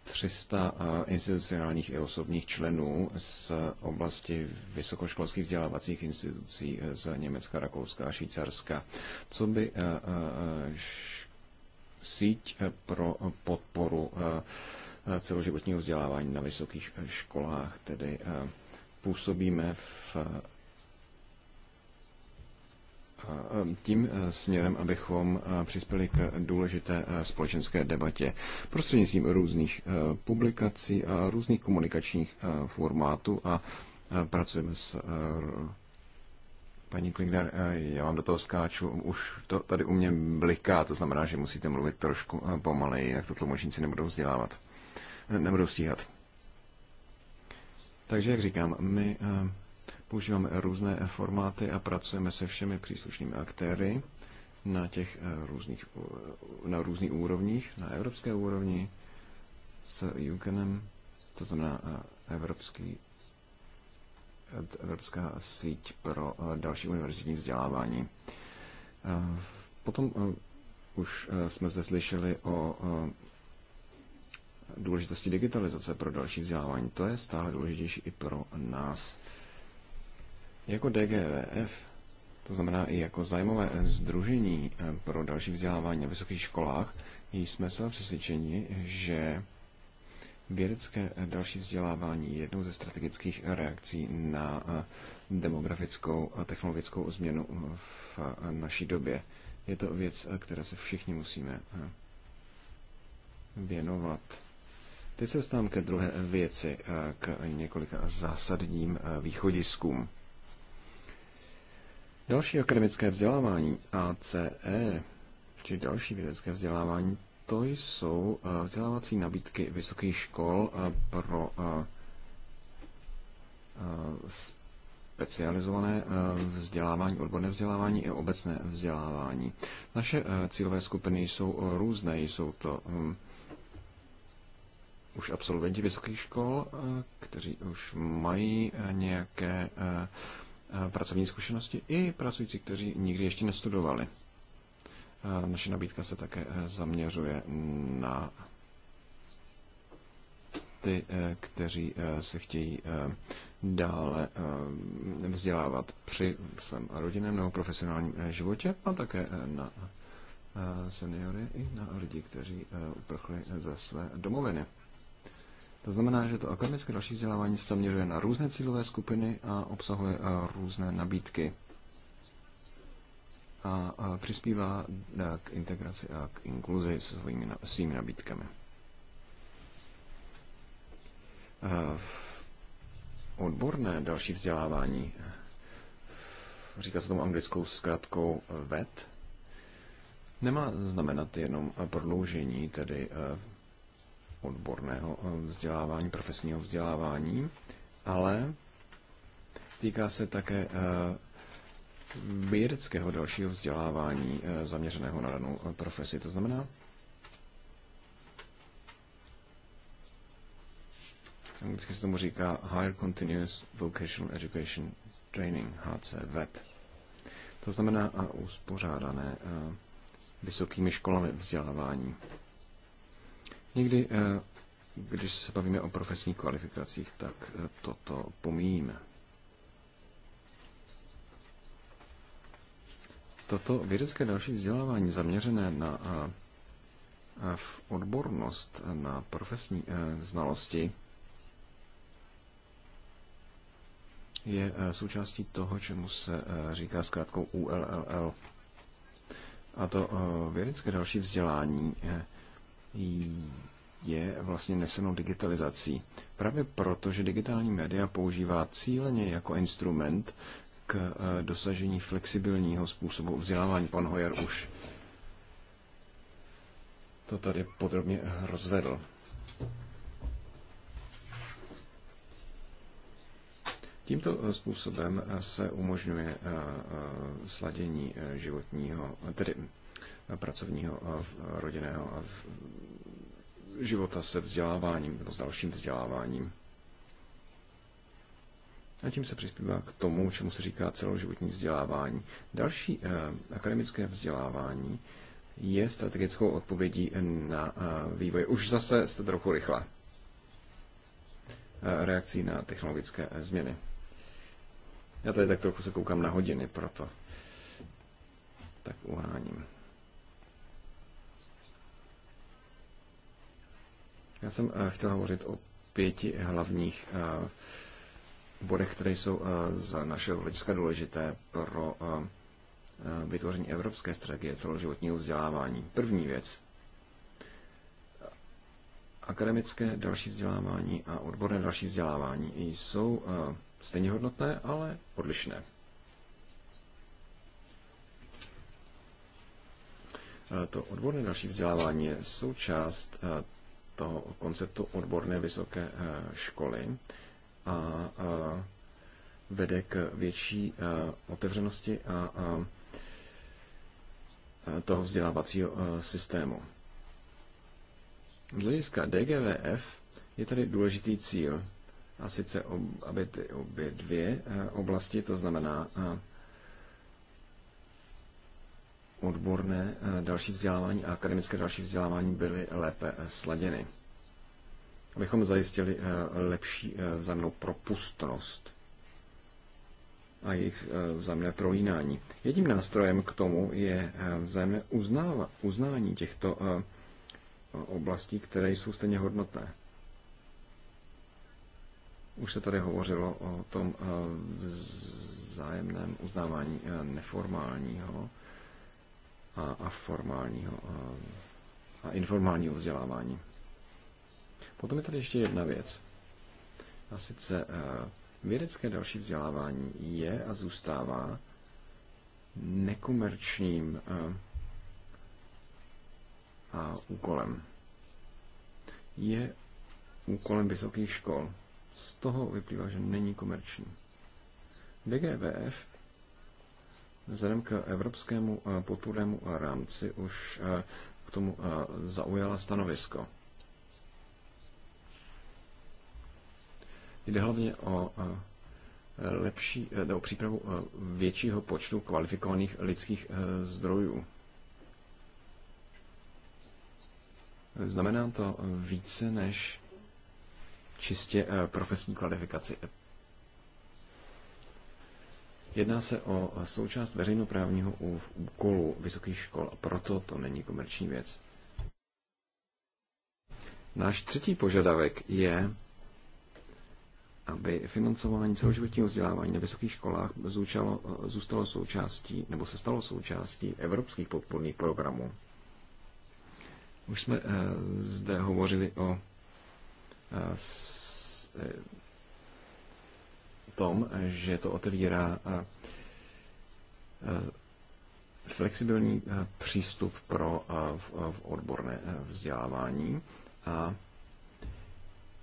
300 institucionálních i osobních členů z oblasti vysokoškolských vzdělávacích institucí z Německa, Rakouska a Švýcarska. Co by síť eh, pro eh, podporu eh, celoživotního vzdělávání na vysokých školách, tedy působíme v tím směrem, abychom přispěli k důležité společenské debatě prostřednictvím různých publikací a různých komunikačních formátů a pracujeme s Paní Klingner, eh, já vám do toho skáču. Už to tady u mě bliká, to znamená, že musíte mluvit trošku eh, pomaleji, jak to tlumočníci nebudou vzdělávat. Eh, nebudou stíhat. Takže, jak říkám, my používáme různé formáty a pracujeme se všemi příslušnými aktéry na těch různých, na různých úrovních, na evropské úrovni, s UKNem, to znamená Evropský Evropská síť pro eh, další univerzitní vzdělávání. Eh, potom eh, už jsme zde slyšeli o důležitosti digitalizace pro další vzdělávání. To je stále důležitější i pro nás. Jako DGVF, to znamená i jako zájmové združení pro další vzdělávání na vysokých školách, jsme se přesvědčeni, že Vědecké další vzdělávání je jednou ze strategických reakcí na demografickou a technologickou změnu v naší době. Je to věc, které se všichni musíme věnovat. Teď se dostávám ke druhé věci, k několika zásadním východiskům. Další akademické vzdělávání ACE, či další vědecké vzdělávání, to jsou eh, vzdělávací nabídky vysokých škol eh, pro eh, specializované vzdělávání, odborné vzdělávání i obecné vzdělávání. Naše cílové skupiny jsou různé, jsou to hm, už absolventi vysokých škol, kteří už mají nějaké pracovní zkušenosti i pracující, kteří nikdy ještě nestudovali. Naše nabídka se také eh, zaměřuje na ty, eh, kteří eh, se chtějí dále vzdělávat při svém rodinném nebo profesionálním životě a také na seniory i na lidi, kteří uprchli ze své domoviny. To znamená, že to akademické další vzdělávání se zaměřuje na různé cílové skupiny a obsahuje různé nabídky a, a přispívá eh, k integraci a k inkluzi svými, svými nabídkami. Eh, odborné další vzdělávání, eh, říká se tomu anglickou zkratkou VET, nemá znamenat jenom prodloužení tedy odborného vzdělávání, profesního vzdělávání, ale týká se také vědeckého dalšího vzdělávání eh, zaměřeného na danou eh, profesi. To znamená, anglicky se tomu říká Higher Continuous Vocational Education Training, HCVET. To znamená a uspořádané eh, vysokými školami vzdělávání. Někdy, když se bavíme o profesních kvalifikacích, tak toto pomíjíme. toto vědecké další vzdělávání zaměřené na v odbornost, na profesní e, znalosti, je e, součástí toho, čemu se e, říká zkrátkou ULLL. A to vědecké další vzdělání je vlastně nesenou digitalizací. Právě proto, že digitální média používá cíleně jako instrument k eh, dosažení flexibilního způsobu vzdělávání. Pan Hojer už to tady podrobně rozvedl. Tímto eh, způsobem eh, se umožňuje sladění životního, tedy pracovního, rodinného života se vzděláváním nebo s dalším vzděláváním a tím se přispívá k tomu, čemu se říká celoživotní vzdělávání. Další eh, akademické vzdělávání je strategickou odpovědí na eh, vývoj. Už zase jste trochu rychle. Eh, reakcí na technologické změny. Já tady tak trochu se koukám na hodiny, proto tak uháním. Já jsem chtěl hovořit o pěti hlavních bodech, které jsou eh, z našeho hlediska důležité pro eh, vytvoření evropské strategie celoživotního vzdělávání. První věc. Akademické další vzdělávání a odborné další vzdělávání jsou eh, stejně hodnotné, ale odlišné. To odborné další vzdělávání je součást toho konceptu odborné vysoké školy, a vede k větší otevřenosti a toho vzdělávacího systému. Z hlediska DGVF je tady důležitý cíl, a sice aby ty obě dvě oblasti, to znamená odborné další vzdělávání a akademické další vzdělávání byly lépe sladěny abychom zajistili eh, lepší eh, vzájemnou propustnost a jejich eh, vzájemné prolínání. Jedním nástrojem k tomu je vzájemné uznání těchto oblastí, které jsou stejně hodnotné. Už se tady hovořilo o tom vzájemném uznávání neformálního a formálního a informálního vzdělávání. Potom je tady ještě jedna věc. A sice eh, vědecké další vzdělávání je a zůstává nekomerčním eh, a úkolem. Je úkolem vysokých škol. Z toho vyplývá, že není komerční. DGVF vzhledem k evropskému eh, podpůrnému rámci už k tomu zaujala stanovisko. Jde hlavně o e, lepší, e, o přípravu e, většího počtu kvalifikovaných lidských zdrojů. Znamená to více než čistě profesní kvalifikaci. Jedná se o součást veřejnoprávního úkolu vysokých škol a proto to není komerční věc. Náš třetí požadavek je aby financování celoživotního vzdělávání na vysokých školách zůčalo, zůstalo součástí nebo se stalo součástí evropských podporných programů. Už jsme eh, zde hovořili o eh, tom, že to otevírá eh, flexibilní přístup pro v odborné vzdělávání a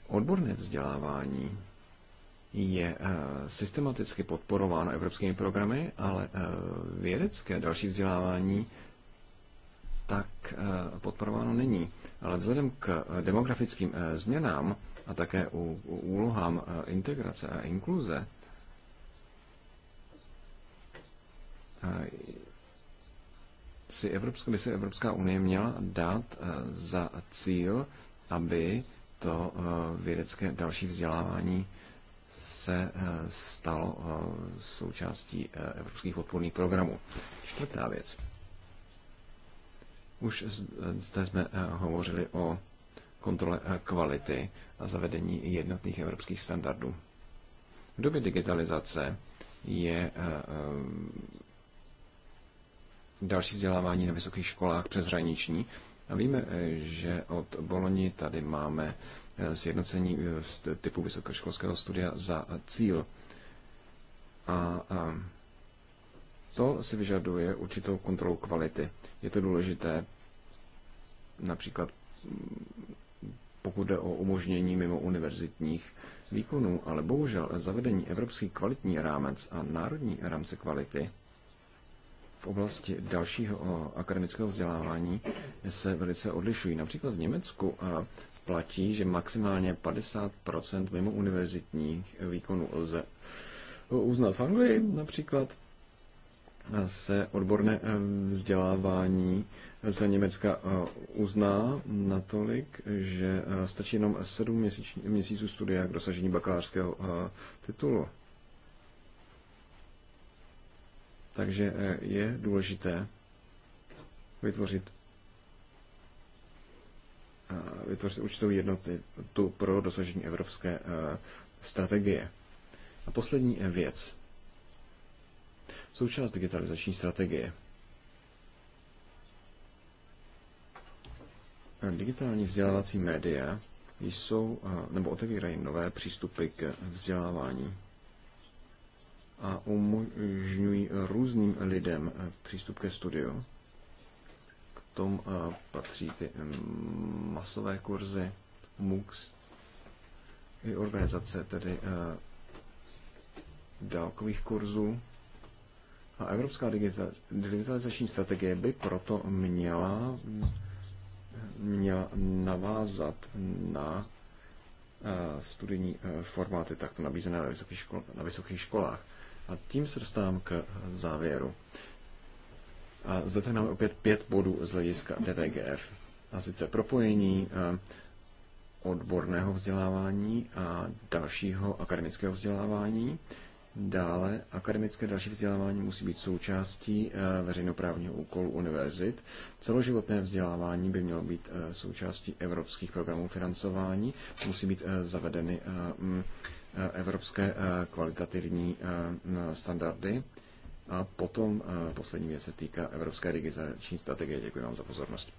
odborné vzdělávání je eh, systematicky podporováno evropskými programy, ale eh, vědecké další vzdělávání tak eh, podporováno není. Ale vzhledem k demografickým změnám a také u úlohám integrace a inkluze, si Evropská, by si Evropská unie měla dát za cíl, aby to vědecké další vzdělávání se eh, stalo eh, součástí eh, evropských podporných programů. Čtvrtá věc. Už zde jsme hovořili o kontrole kvality a zavedení jednotných evropských standardů. V době digitalizace je další vzdělávání na vysokých školách přeshraniční. A víme, že od Boloni tady máme Eh, sjednocení eh, typu vysokoškolského studia za cíl. A, to si vyžaduje určitou kontrolu kvality. Je to důležité například pokud jde o umožnění mimo univerzitních výkonů, ale bohužel zavedení evropský kvalitní rámec a národní rámce kvality v oblasti dalšího eh, akademického vzdělávání se velice odlišují. Například v Německu platí, že maximálně 50% mimo univerzitních výkonů lze uznat. V Anglii například se odborné eh, vzdělávání z Německa eh, uzná natolik, že eh, stačí jenom 7 měsíců studia k dosažení bakalářského titulu. Takže je důležité vytvořit Eh, vytvořit určitou jednotu pro dosažení evropské eh, strategie. A poslední eh, věc. Součást digitalizační strategie. Digitální vzdělávací média jsou nebo otevírají nové přístupy k vzdělávání a umožňují různým lidem přístup ke studiu tom eh, patří ty mm, masové kurzy, MUX, i organizace tedy eh, dálkových kurzů. A Evropská digitalizační strategie by proto měla, měla navázat na eh, studijní formáty takto nabízené na vysokých, škol, na vysokých školách. A tím se dostávám k závěru. A zde tady máme opět pět bodů z hlediska DVGF. A sice propojení eh, odborného vzdělávání a dalšího akademického vzdělávání. Dále akademické další vzdělávání musí být součástí eh, veřejnoprávního úkolu univerzit. Celoživotné vzdělávání by mělo být eh, součástí evropských programů financování. Musí být zavedeny evropské kvalitativní standardy a potom eh, poslední věc se týká Evropské digitální strategie. Děkuji vám za pozornost.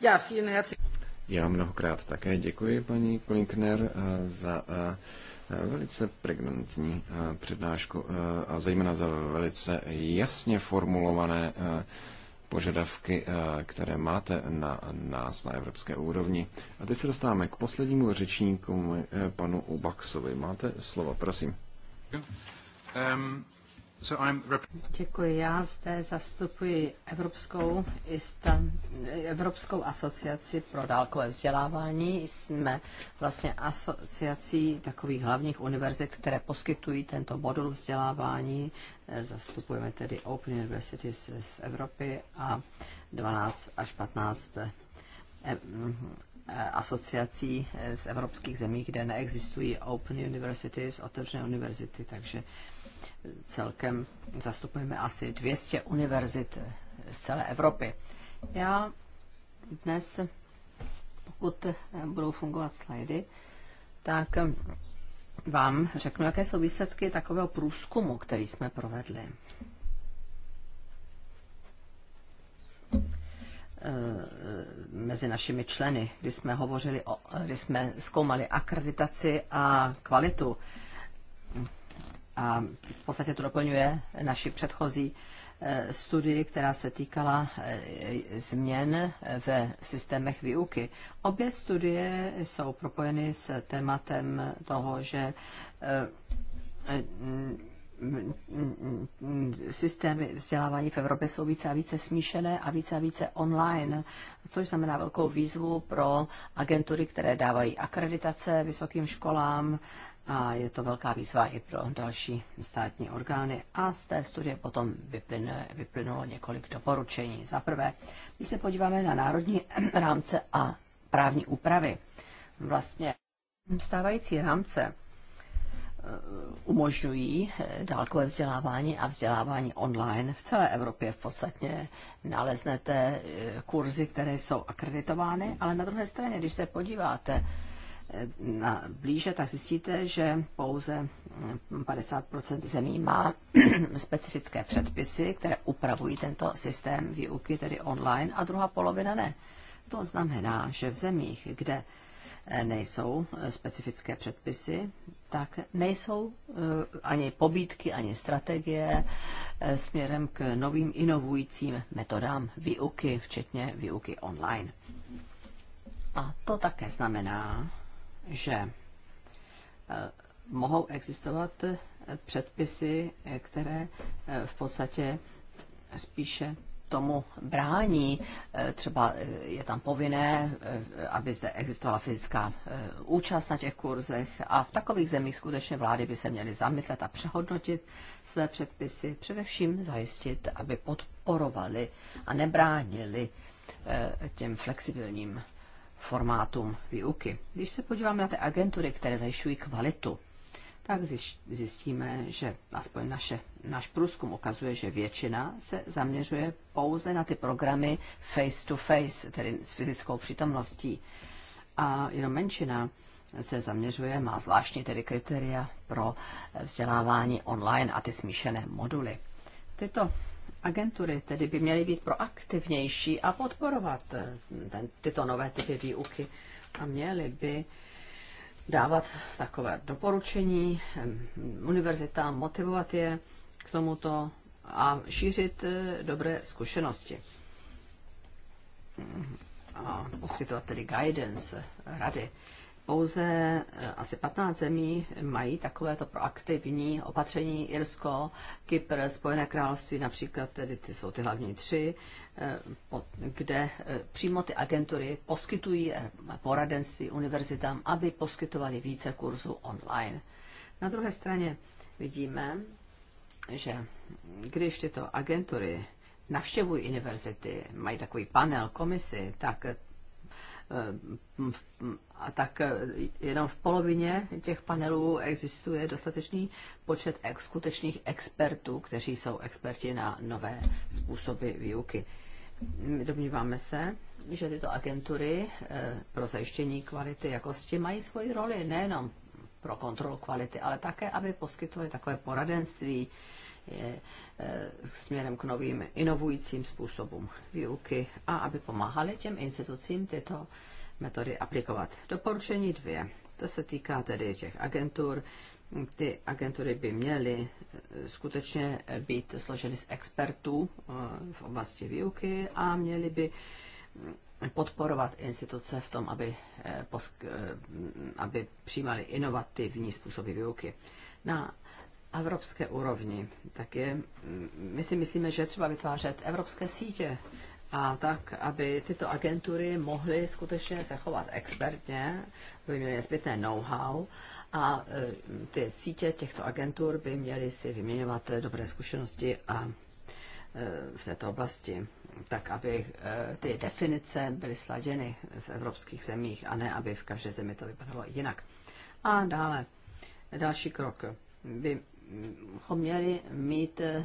Já, Já mnohokrát také děkuji paní Klinkner eh, za eh, velice pregnantní přednášku a zejména za velice jasně formulované požadavky, eh, které máte na nás na evropské úrovni. A teď se dostáváme k poslednímu řečníku, eh, panu Ubaxovi. Máte slovo, prosím. Um, Děkuji. Já zde zastupuji Evropskou, Evropskou asociaci pro dálkové vzdělávání. Jsme vlastně asociací takových hlavních univerzit, které poskytují tento modul vzdělávání. Zastupujeme tedy Open University z Evropy a 12 až 15 eh, eh, asociací eh, z evropských zemí, kde neexistují Open Universities, otevřené univerzity, takže Celkem zastupujeme asi 200 univerzit z celé Evropy. Já dnes, pokud budou fungovat slajdy, tak vám řeknu, jaké jsou výsledky takového průzkumu, který jsme provedli. Eh, mezi našimi členy, kdy jsme hovořili, o, kdy jsme zkoumali akreditaci a kvalitu a v podstatě to doplňuje naši předchozí eh, studii, která se týkala eh, změn eh, ve systémech výuky. Obě studie jsou propojeny s tématem toho, že systémy vzdělávání v Evropě jsou více a více smíšené a více a více online, což znamená velkou výzvu pro agentury, které dávají akreditace vysokým školám, a je to velká výzva i pro další státní orgány. A z té studie potom vyplynulo několik doporučení. Za prvé, když se podíváme na národní rámce a právní úpravy, vlastně stávající rámce eh, umožňují eh, dálkové vzdělávání a vzdělávání online. V celé Evropě v podstatě naleznete eh, kurzy, které jsou akreditovány, ale na druhé straně, když se podíváte, na blíže, tak zjistíte, že pouze 50 mm, zemí má specifické předpisy, které upravují tento systém výuky, tedy online, a druhá polovina ne. To znamená, že v zemích, kde eh, nejsou eh, specifické předpisy, tak nejsou eh, ani pobídky, ani strategie směrem k novým inovujícím metodám výuky, včetně výuky online. A to také znamená, že eh, mohou existovat eh, předpisy, eh, které v podstatě spíše tomu brání. Třeba je tam povinné, aby zde existovala fyzická účast na těch kurzech a v takových zemích skutečně vlády by se měly zamyslet a přehodnotit své předpisy, především zajistit, aby podporovali a nebránili těm flexibilním formátům výuky. Když se podíváme na ty agentury, které zajišťují kvalitu, tak zjistíme, že aspoň naše, náš průzkum ukazuje, že většina se zaměřuje pouze na ty programy face-to-face, -face, tedy s fyzickou přítomností. A jenom menšina se zaměřuje, má zvláštní tedy kritéria pro vzdělávání online a ty smíšené moduly. Tyto Agentury tedy by měly být proaktivnější a podporovat eh, ten, tyto nové typy výuky a měly by dávat takové doporučení eh, univerzitám, motivovat je k tomuto a šířit eh, dobré zkušenosti. Mm-hmm. A poskytovat tedy guidance, rady pouze eh, asi 15 zemí mají takovéto proaktivní opatření. Irsko, Kypr, Spojené království například, tedy ty jsou ty hlavní tři, eh, kde eh, přímo ty agentury poskytují poradenství univerzitám, aby poskytovali více kurzů online. Na druhé straně vidíme, že když tyto agentury navštěvují univerzity, mají takový panel, komisi, tak a tak eh, jenom v polovině těch panelů existuje dostatečný počet ex, skutečných expertů, kteří jsou experti na nové způsoby výuky. Domníváme se, že tyto agentury eh, pro zajištění kvality jakosti mají svoji roli nejenom pro kontrolu kvality, ale také, aby poskytovaly takové poradenství je, eh, směrem k novým inovujícím způsobům výuky a aby pomáhali těm institucím tyto metody aplikovat. Doporučení dvě. To se týká tedy těch agentur. Ty agentury by měly eh, skutečně eh, být složeny z expertů eh, v oblasti výuky a měly by mm, podporovat instituce v tom, aby, mm, aby přijímali inovativní způsoby výuky. Na evropské úrovni, tak je, mm, my si myslíme, že třeba vytvářet evropské sítě a tak, aby tyto agentury mohly skutečně se chovat expertně, by měly zbytné know-how a e, ty sítě těchto agentur by měly si vyměňovat dobré zkušenosti a e, v této oblasti, tak aby e, ty definice byly sladěny v evropských zemích a ne, aby v každé zemi to vypadalo jinak. A dále, další krok by bychom měli mít eh,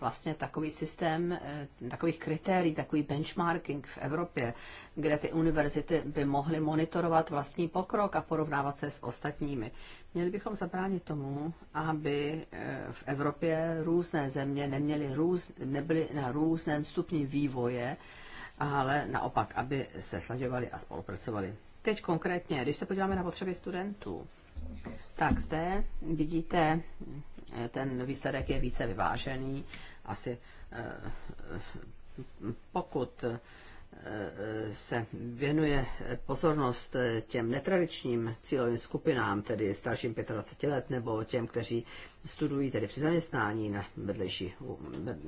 vlastně takový systém, eh, takových kritérií, takový benchmarking v Evropě, kde ty univerzity by mohly monitorovat vlastní pokrok a porovnávat se s ostatními. Měli bychom zabránit tomu, aby eh, v Evropě různé země neměly růz, nebyly na různém stupni vývoje, ale naopak, aby se slaďovali a spolupracovali. Teď konkrétně, když se podíváme na potřeby studentů, tak zde vidíte Eh, ten výsledek je více vyvážený. Asi eh, pokud eh, se věnuje pozornost těm netradičním cílovým skupinám, tedy starším 25 let, nebo těm, kteří studují tedy při zaměstnání, na vedlejší,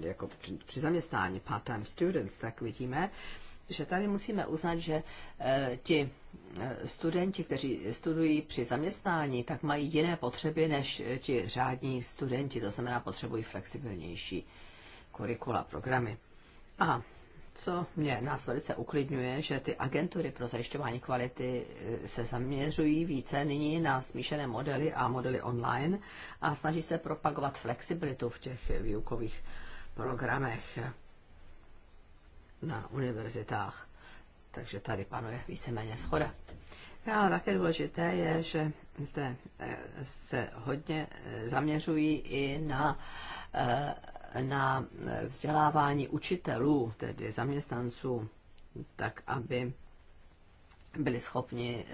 jako při, při zaměstnání part-time students, tak vidíme, že tady musíme uznat, že eh, ti eh, studenti, kteří studují při zaměstnání, tak mají jiné potřeby než eh, ti řádní studenti, to znamená potřebují flexibilnější kurikula, programy. A co mě nás velice uklidňuje, že ty agentury pro zajišťování kvality se zaměřují více nyní na smíšené modely a modely online a snaží se propagovat flexibilitu v těch výukových programech na univerzitách. Takže tady panuje víceméně schoda. A také důležité je, že zde eh, se hodně eh, zaměřují i na, eh, na vzdělávání učitelů, tedy zaměstnanců, tak aby byli schopni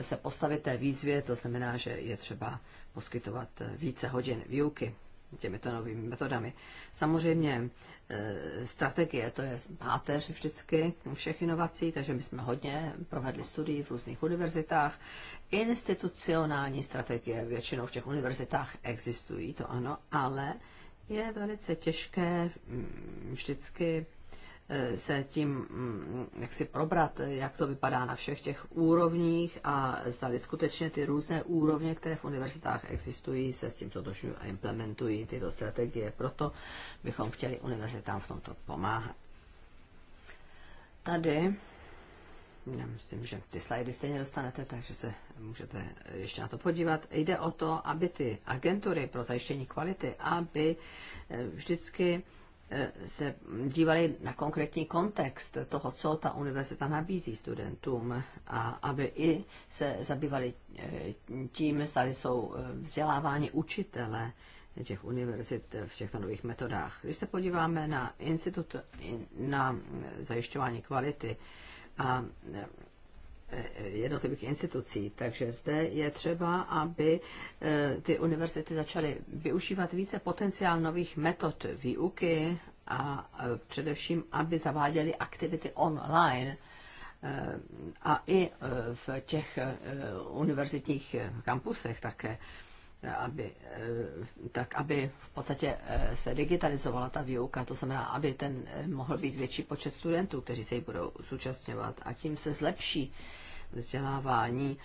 se postavit té výzvě, to znamená, že je třeba poskytovat více hodin výuky těmito novými metodami. Samozřejmě e, strategie, to je páteř vždycky všech inovací, takže my jsme hodně provedli studii v různých univerzitách. Institucionální strategie většinou v těch univerzitách existují, to ano, ale je velice těžké mm, vždycky Eh, se tím mm, jak si probrat, jak to vypadá na všech těch úrovních a zdali skutečně ty různé úrovně, které v univerzitách existují, se s tím totožňují a implementují tyto strategie. Proto bychom chtěli univerzitám v tomto pomáhat. Tady, já myslím, že ty slajdy stejně dostanete, takže se můžete ještě na to podívat. Jde o to, aby ty agentury pro zajištění kvality, aby eh, vždycky se dívali na konkrétní kontext toho, co ta univerzita nabízí studentům a aby i se zabývali eh, tím, zda jsou eh, vzdělávání učitele těch univerzit v těchto nových metodách. Když se podíváme na institut, na mm, zajišťování kvality a eh, Eh, jednotlivých institucí. Takže zde je třeba, aby eh, ty univerzity začaly využívat více potenciál nových metod výuky a eh, především, aby zaváděly aktivity online a i v těch univerzitních kampusech také aby, eh, tak aby v podstatě eh, se digitalizovala ta výuka, to znamená, aby ten eh, mohl být větší počet studentů, kteří se jí budou zúčastňovat a tím se zlepší vzdělávání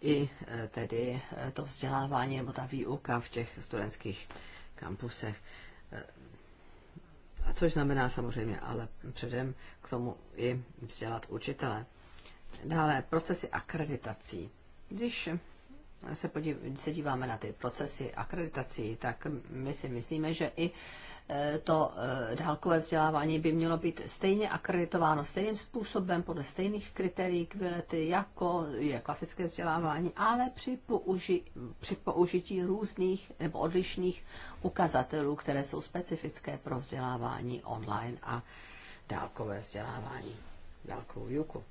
i tedy to vzdělávání nebo ta výuka v těch studentských kampusech. A což znamená samozřejmě, ale předem k tomu i vzdělat učitele. Dále procesy akreditací. Když se, podív, se díváme na ty procesy akreditací, tak my si myslíme, že i e, to e, dálkové vzdělávání by mělo být stejně akreditováno stejným způsobem podle stejných kritérií kvilety, jako je klasické vzdělávání, ale při, použi, při použití různých nebo odlišných ukazatelů, které jsou specifické pro vzdělávání online a dálkové vzdělávání, dálkovou výuku.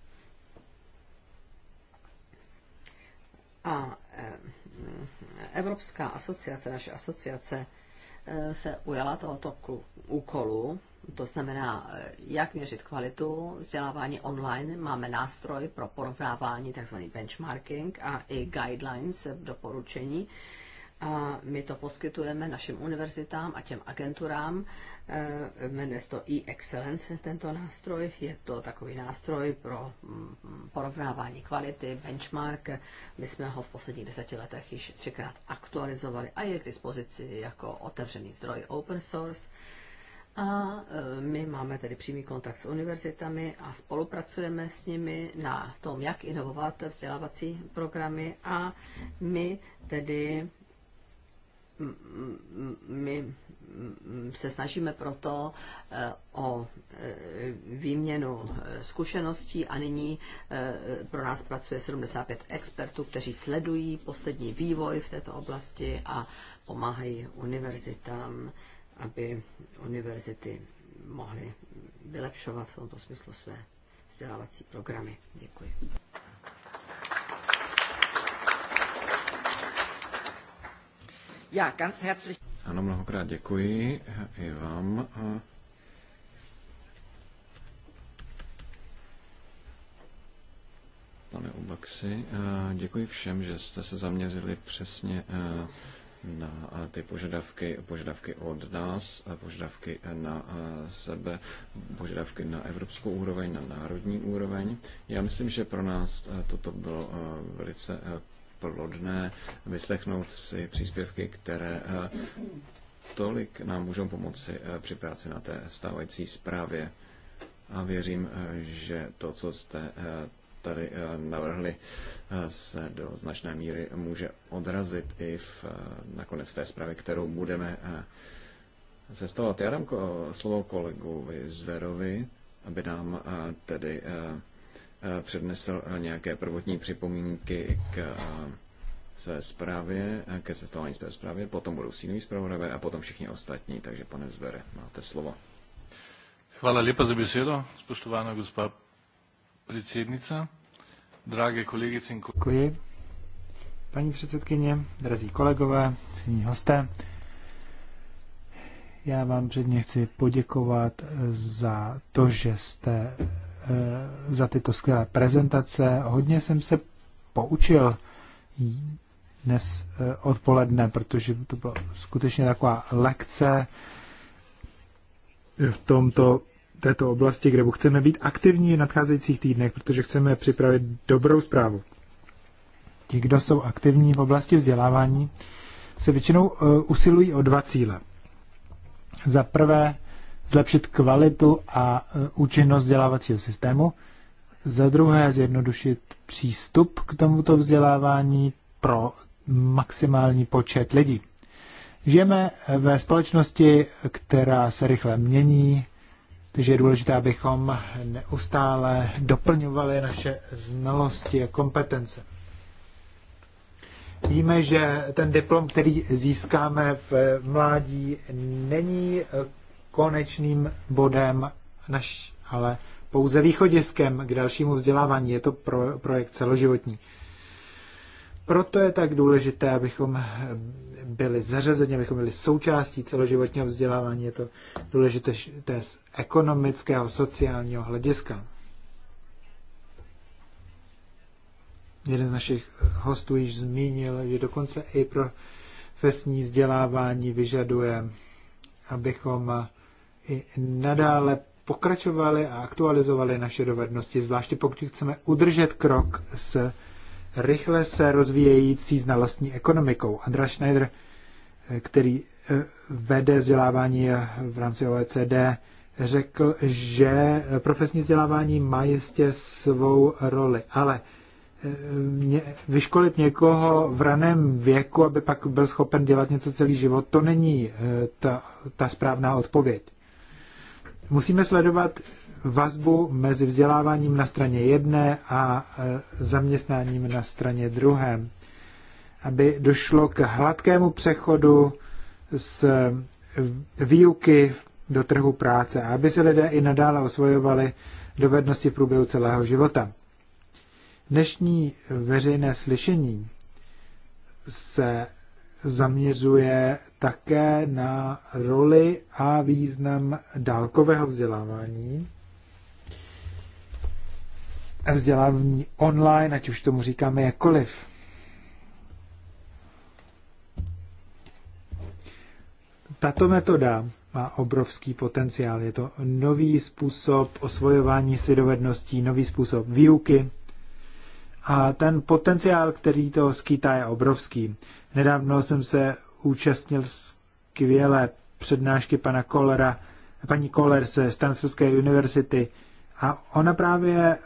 A eh, Evropská asociace, naše asociace, eh, se ujala tohoto úkolu, to znamená, eh, jak měřit kvalitu vzdělávání online. Máme nástroj pro porovnávání, takzvaný benchmarking a i guidelines, doporučení. A my to poskytujeme našim univerzitám a těm agenturám, Eh, jmenuje se to e-excellence, tento nástroj. Je to takový nástroj pro mm, porovnávání kvality, benchmark. My jsme ho v posledních deseti letech již třikrát aktualizovali a je k dispozici jako otevřený zdroj open source. A eh, my máme tedy přímý kontakt s univerzitami a spolupracujeme s nimi na tom, jak inovovat vzdělávací programy a my tedy mm, mm, my Mm, se snažíme proto eh, o eh, výměnu eh, zkušeností a nyní pro nás pracuje 75 expertů, kteří sledují poslední vývoj v této oblasti a pomáhají univerzitám, aby univerzity mohly vylepšovat v tomto smyslu své vzdělávací programy. Děkuji. Ja, ganz herzlich. Ano, mnohokrát děkuji eh, i vám. Pane Ubaxi, eh, děkuji všem, že jste se zaměřili přesně eh, na ty požadavky, požadavky od nás, požadavky na sebe, požadavky na evropskou úroveň, na národní úroveň. Já myslím, že pro nás toto bylo velice plodné vyslechnout si příspěvky, které eh, tolik nám můžou pomoci eh, při práci na té stávající zprávě. A věřím, eh, že to, co jste tady navrhli, se do značné míry může odrazit i v, nakonec té zprávě, kterou budeme sestavovat. Já dám slovo kolegovi Zverovi, aby nám tedy přednesl eh, nějaké prvotní připomínky k eh, své zprávě, eh, ke sestavování své zprávě, potom budou sínoví zpravodajové a potom všichni ostatní. Takže pane Zvere, máte slovo. Hvala lepa za besedo, spoštovana gospa predsednica, drage kolegice in kolegové. Paní předsedkyně, drazí kolegové, cení hosté, já vám předně chci poděkovat za to, že jste Eh, za tyto skvělé prezentace. Hodně jsem se poučil dnes eh, odpoledne, protože to byla skutečně taková lekce v tomto této oblasti, kde chceme být aktivní v nadcházejících týdnech, protože chceme připravit dobrou zprávu. Ti, kdo jsou aktivní v oblasti vzdělávání, se většinou eh, usilují o dva cíle. Za prvé zlepšit kvalitu a e, účinnost vzdělávacího systému, za druhé zjednodušit přístup k tomuto vzdělávání pro maximální počet lidí. Žijeme ve společnosti, která se rychle mění, takže je důležité, abychom neustále doplňovali naše znalosti a kompetence. Víme, že ten diplom, který získáme v mládí, není konečným bodem, naš, ale pouze východiskem k dalšímu vzdělávání. Je to pro, projekt celoživotní. Proto je tak důležité, abychom byli zařazeni, abychom byli součástí celoživotního vzdělávání. Je to důležité to je z ekonomického, sociálního hlediska. Jeden z našich hostů již zmínil, že dokonce i pro profesní vzdělávání vyžaduje, abychom i nadále pokračovali a aktualizovali naše dovednosti, zvláště pokud chceme udržet krok s rychle se rozvíjející znalostní ekonomikou. Andra Schneider, který eh, vede vzdělávání v rámci OECD, řekl, že profesní vzdělávání má jistě svou roli, ale eh, vyškolit někoho v raném věku, aby pak byl schopen dělat něco celý život, to není eh, ta, ta správná odpověď. Musíme sledovat vazbu mezi vzděláváním na straně jedné a e, zaměstnáním na straně druhé, aby došlo k hladkému přechodu z výuky do trhu práce a aby se lidé i nadále osvojovali dovednosti v průběhu celého života. Dnešní veřejné slyšení se zaměřuje také na roli a význam dálkového vzdělávání. Vzdělávání online, ať už tomu říkáme jakoliv. Tato metoda má obrovský potenciál. Je to nový způsob osvojování si dovedností, nový způsob výuky. A ten potenciál, který to skýtá, je obrovský. Nedávno jsem se účastnil skvělé přednášky pana Kolera, paní Koller ze Stanfordské univerzity a ona právě eh,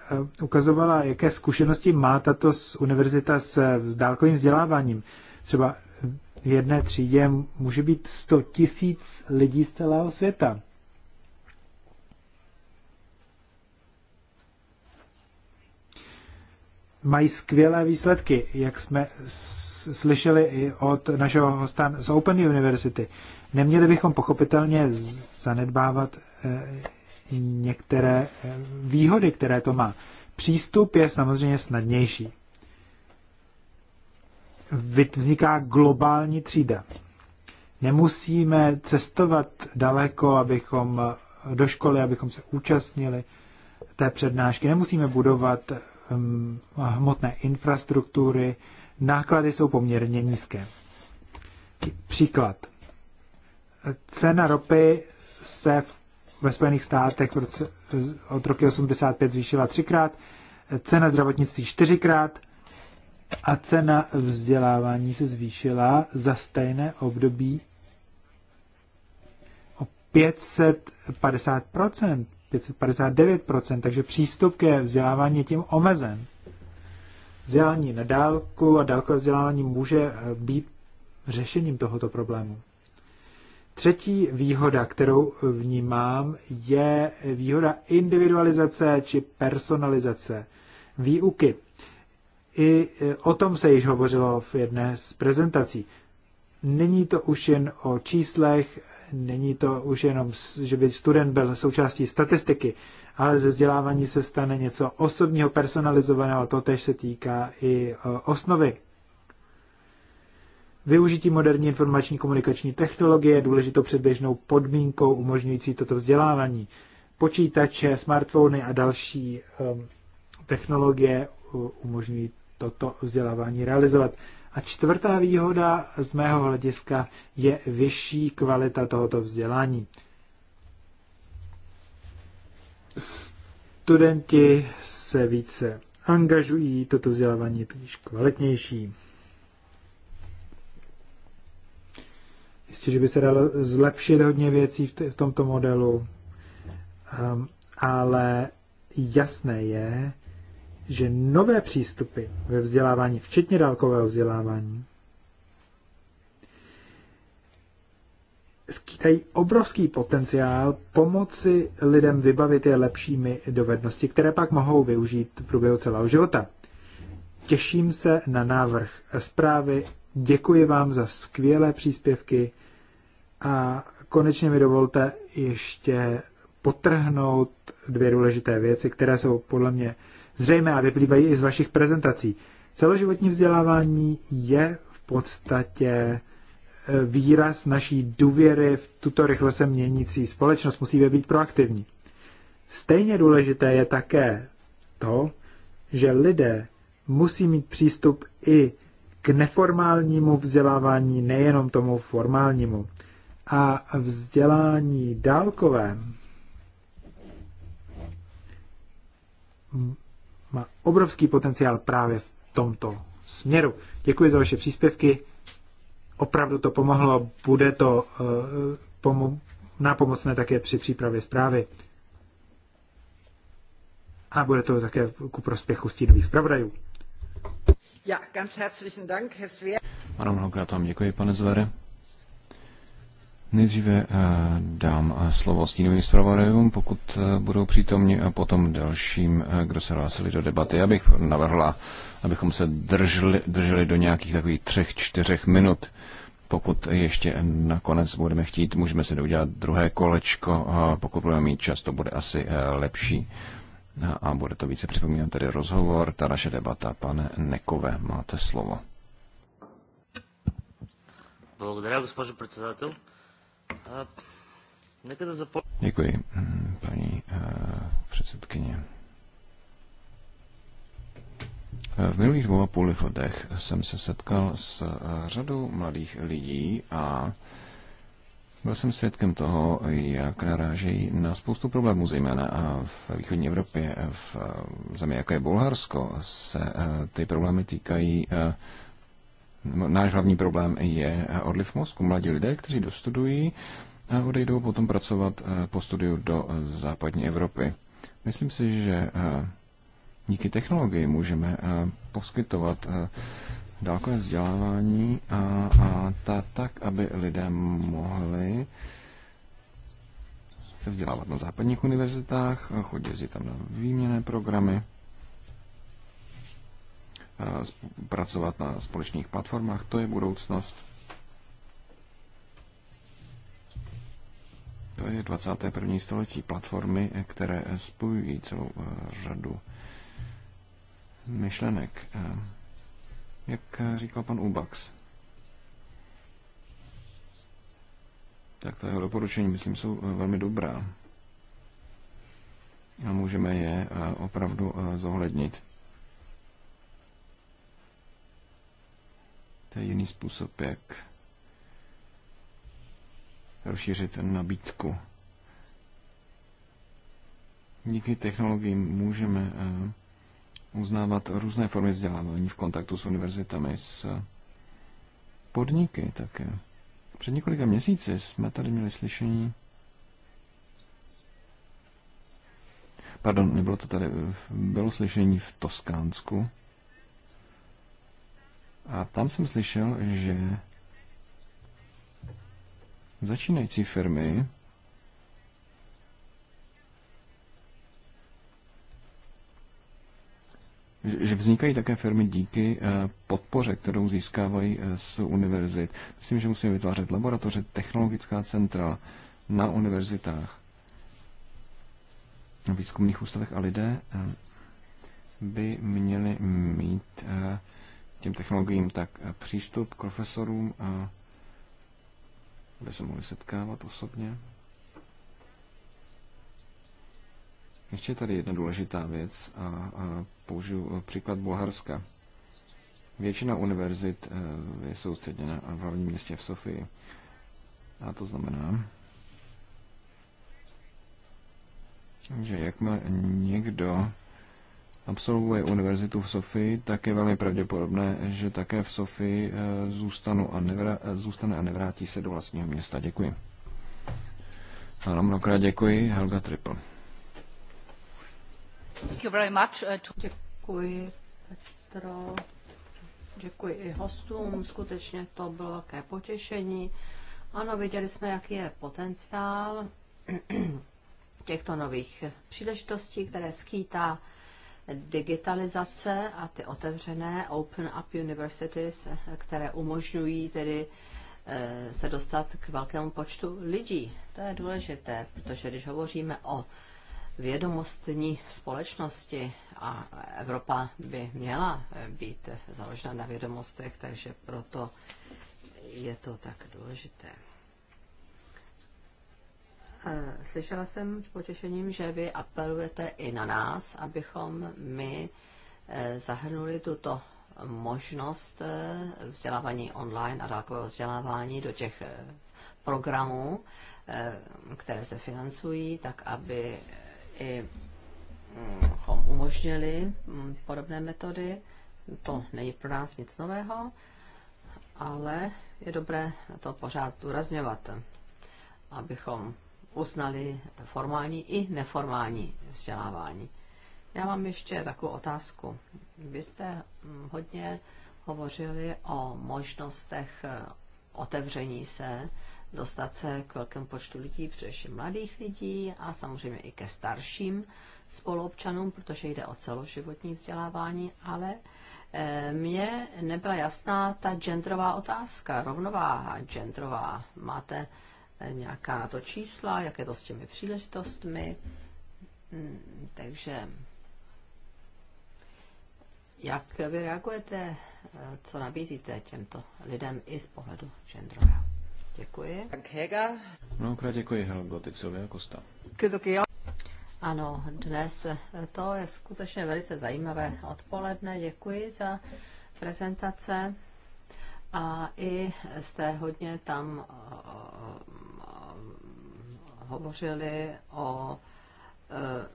ukazovala, jaké zkušenosti má tato univerzita s, s dálkovým vzděláváním. Třeba v jedné třídě může být 100 tisíc lidí z celého světa. Mají skvělé výsledky, jak jsme slyšeli i od našeho hosta z Open University. Neměli bychom pochopitelně zanedbávat eh, některé eh, výhody, které to má. Přístup je samozřejmě snadnější. Vzniká globální třída. Nemusíme cestovat daleko, abychom do školy, abychom se účastnili té přednášky. Nemusíme budovat hm, hmotné infrastruktury, náklady jsou poměrně nízké. Příklad. Cena ropy se ve Spojených státech od roku 85 zvýšila třikrát, cena zdravotnictví čtyřikrát a cena vzdělávání se zvýšila za stejné období o 550%, 559%, takže přístup ke vzdělávání je tím omezen. Vzdělání na dálku a dálkové vzdělání může eh, být řešením tohoto problému. Třetí výhoda, kterou vnímám, je výhoda individualizace či personalizace výuky. I eh, o tom se již hovořilo v jedné z prezentací. Není to už jen o číslech, není to už jenom, že by student byl součástí statistiky, ale ze vzdělávání se stane něco osobního, personalizovaného, to tež se týká i e, osnovy. Využití moderní informační komunikační technologie je důležitou předběžnou podmínkou umožňující toto vzdělávání. Počítače, smartfony a další um, technologie umožňují toto vzdělávání realizovat. A čtvrtá výhoda z mého hlediska je vyšší kvalita tohoto vzdělání. Studenti se více angažují, toto vzdělávání je tudíž kvalitnější. Jistě, že by se dalo zlepšit hodně věcí v, v tomto modelu, um, ale jasné je, že nové přístupy ve vzdělávání, včetně dálkového vzdělávání, skýtají obrovský potenciál pomoci lidem vybavit je lepšími dovednosti, které pak mohou využít v průběhu celého života. Těším se na návrh zprávy, děkuji vám za skvělé příspěvky a konečně mi dovolte ještě potrhnout dvě důležité věci, které jsou podle mě zřejmé a vyplývají i z vašich prezentací. Celoživotní vzdělávání je v podstatě výraz naší důvěry v tuto rychle se měnící společnost. Musíme být proaktivní. Stejně důležité je také to, že lidé musí mít přístup i k neformálnímu vzdělávání, nejenom tomu formálnímu. A vzdělání dálkové má obrovský potenciál právě v tomto směru. Děkuji za vaše příspěvky opravdu to pomohlo, bude to eh, nápomocné také při přípravě zprávy. A bude to také ku prospěchu stínových zpravodajů. Ja, ganz herzlichen Dank, Herr Sver. Ano, mnohokrát vám děkuji, pane Zvere. Nejdříve eh, dám eh, slovo stínovým zpravodajům, pokud eh, budou přítomni, a potom dalším, kdo se hlásili do debaty. Já bych navrhla, abychom se drželi, drželi do nějakých takových třech, čtyřech minut. Pokud ještě nakonec budeme chtít, můžeme si udělat druhé kolečko. Pokud budeme mít čas, to bude asi lepší. A bude to více připomínat tedy rozhovor, ta naše debata. Pane Nekové, máte slovo. Благодаря, госпожо председател. Děkuji, paní eh, předsedkyně. V minulých dvou a půl letech jsem se setkal s eh, řadou mladých lidí a byl jsem svědkem toho, jak narážejí na spoustu problémů, zejména eh, v východní Evropě, v zemi, jako je Bulharsko, se ty problémy týkají Náš hlavní problém je odliv mozku. Mladí lidé, kteří dostudují, odejdou potom pracovat eh, po studiu do eh, západní Evropy. Myslím si, že eh, díky technologii můžeme poskytovat dálkové vzdělávání a, a ta, tak, aby lidé mohli se vzdělávat na západních univerzitách, chodit si tam na výměné programy. Eh, pracovat na společných platformách. To je budoucnost. To je 21. století platformy, které spojují celou eh, řadu myšlenek. Eh, jak říkal pan Ubax, tak to jeho doporučení, myslím, jsou velmi dobrá. A můžeme je opravdu zohlednit. To je jiný způsob, jak rozšířit nabídku. Díky technologiím můžeme eh, uznávat různé formy vzdělávání v kontaktu s univerzitami, s podniky také. Před několika měsíci jsme tady měli slyšení. Pardon, nebylo to tady, eh, bylo slyšení v Toskánsku a tam jsem slyšel, že začínající firmy že vznikají také firmy díky eh, podpoře, kterou získávají eh, z univerzit. Myslím, že musíme vytvářet laboratoře, technologická centra na univerzitách, na výzkumných ústavech a lidé eh, by měli mít těm technologiím, tak eh, přístup k profesorům, eh, kde se mohli setkávat osobně. Ještě tady jedna důležitá věc a, a použiju eh, příklad Bulharska. Většina univerzit je soustředěna v hlavním městě v Sofii. A to znamená, že jakmile někdo absolvuje univerzitu v Sofii, tak je velmi pravděpodobné, že také v Sofii eh, zůstanu a nevrá, eh, zůstane a nevrátí se do vlastního města. Děkuji. Ano, mnohokrát děkuji. Helga Triple. Thank you very much. Eh, děkuji, Petro. Děkuji i hostům. Skutečně to bylo velké potěšení. Ano, viděli jsme, jaký je potenciál těchto nových příležitostí, které skýtá digitalizace a ty otevřené Open Up Universities, které umožňují tedy eh, se dostat k velkému počtu lidí. To je důležité, protože když hovoříme o vědomostní společnosti a Evropa by měla eh, být založena na vědomostech, takže proto je to tak důležité. Eh, slyšela jsem s potěšením, že vy apelujete i na nás, abychom my eh, zahrnuli tuto možnost eh, vzdělávání online a dálkového vzdělávání do těch programů, které se financují, tak aby i hm, umožnili hm, podobné metody. To není pro nás nic nového, ale je dobré to pořád zdůrazňovat, abychom uznali formální i neformální vzdělávání. Já mám ještě takovou otázku. Vy jste mm, hodně hovořili o možnostech eh, otevření se, dostat se k velkému počtu lidí, především mladých lidí a samozřejmě i ke starším spoluobčanům, protože jde o celoživotní vzdělávání, ale eh, mně nebyla jasná ta genderová otázka, rovnováha genderová. Máte nějaká na to čísla, jak je to s těmi příležitostmi. Hmm, takže jak vy reagujete, eh, co nabízíte těmto lidem i z pohledu genderového? Děkuji. Tak Hega. Mnohokrát děkuji, Helgo, teď Silvia Kosta. Ano, dnes eh, to je skutečně velice zajímavé odpoledne. Děkuji za prezentace. A i jste hodně tam eh, hovořili o eh,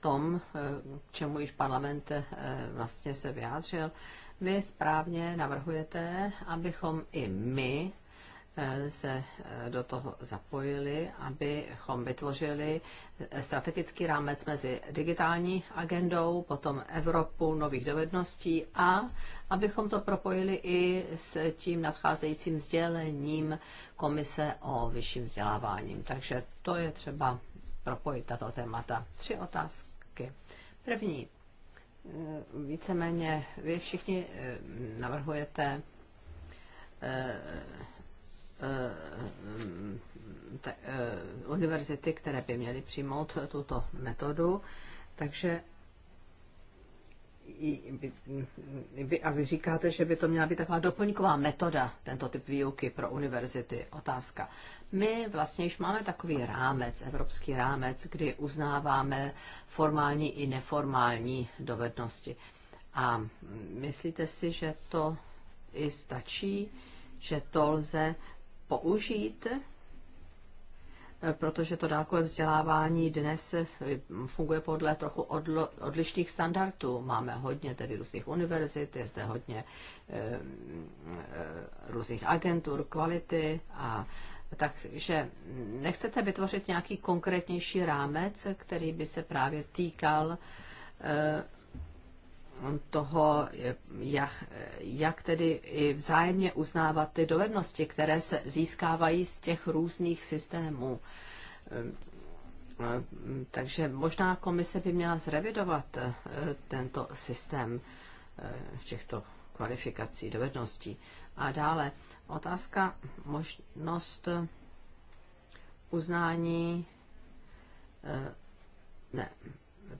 tom, k eh, čemu již parlament eh, vlastně se vyjádřil. Vy správně navrhujete, abychom i my se eh, do toho zapojili, abychom vytvořili strategický rámec mezi digitální agendou, potom Evropu nových dovedností a abychom to propojili i s tím nadcházejícím sdělením Komise o vyšším vzděláváním. Takže to je třeba propojit tato témata. Tři otázky. První. Mm, víceméně vy všichni eh, navrhujete eh, Eh, te, eh, univerzity, které by měly přijmout tuto metodu. Takže a vy říkáte, že by to měla být taková doplňková metoda, tento typ výuky pro univerzity. Otázka. My vlastně již máme takový rámec, evropský rámec, kdy uznáváme formální i neformální dovednosti. A myslíte si, že to i stačí, že to lze použít, protože to dálkové vzdělávání dnes funguje podle trochu odlo, odlišných standardů. Máme hodně tedy různých univerzit, je zde hodně e, různých agentur, kvality a takže nechcete vytvořit nějaký konkrétnější rámec, který by se právě týkal e, toho, jak, jak tedy i vzájemně uznávat ty dovednosti, které se získávají z těch různých systémů. Takže možná komise by měla zrevidovat eh, tento systém eh, těchto kvalifikací, dovedností. A dále otázka možnost uznání eh, ne,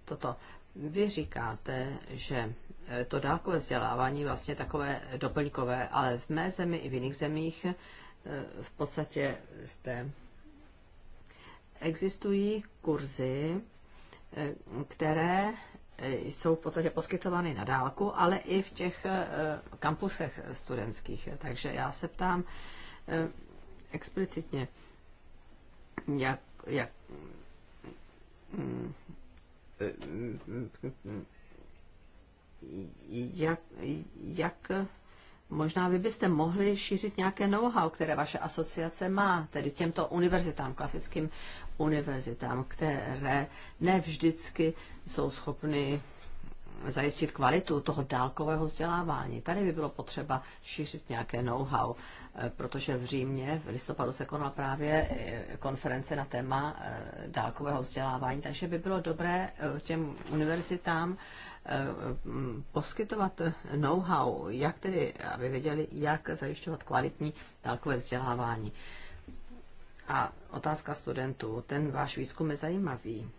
toto vy říkáte, že e, to dálkové vzdělávání vlastně takové doplňkové, ale v mé zemi i v jiných zemích e, v podstatě jste existují kurzy, e, které jsou v podstatě poskytovány na dálku, ale i v těch kampusech studentských. Takže já se ptám explicitně, jak, jak, mm, jak, jak možná vy byste mohli šířit nějaké know-how, které vaše asociace má, tedy těmto univerzitám, klasickým univerzitám, které ne vždycky jsou schopny zajistit kvalitu toho dálkového vzdělávání. Tady by bylo potřeba šířit nějaké know-how. Eh, protože v Římě v listopadu se konala právě eh, konference na téma eh, dálkového vzdělávání, takže by bylo dobré těm univerzitám mm, poskytovat know-how, jak tedy, aby věděli, jak zajišťovat kvalitní dálkové vzdělávání. A otázka studentů. Ten váš výzkum je zajímavý.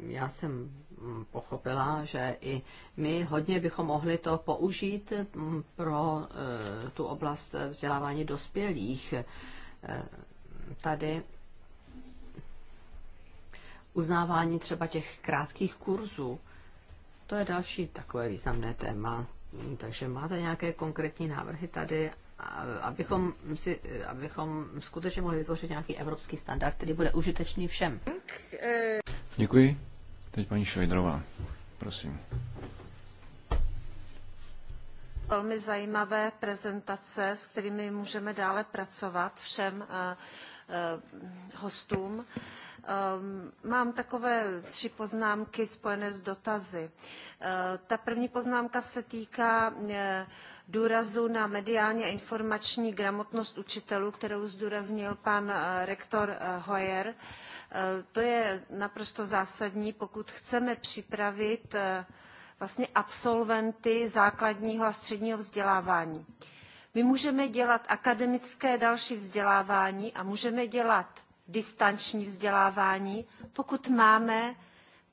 Já jsem Mm, pochopila, že i my hodně bychom mohli to použít mm, pro eh, tu oblast vzdělávání dospělých. Eh, tady uznávání třeba těch krátkých kurzů, to je další takové významné téma. Takže máte nějaké konkrétní návrhy tady, abychom, si, abychom skutečně mohli vytvořit nějaký evropský standard, který bude užitečný všem. Děkuji. Teď paní Švejdrová, prosím. Velmi zajímavé prezentace, s kterými můžeme dále pracovat všem eh, eh, hostům. Eh, mám takové tři poznámky spojené s dotazy. Ta první poznámka se týká důrazu na mediálně informační gramotnost učitelů, kterou zdůraznil pan rektor Hoyer Eh, to je naprosto zásadní, pokud chceme připravit eh, vlastně absolventy základního a středního vzdělávání. My můžeme dělat akademické další vzdělávání a můžeme dělat distanční vzdělávání, pokud máme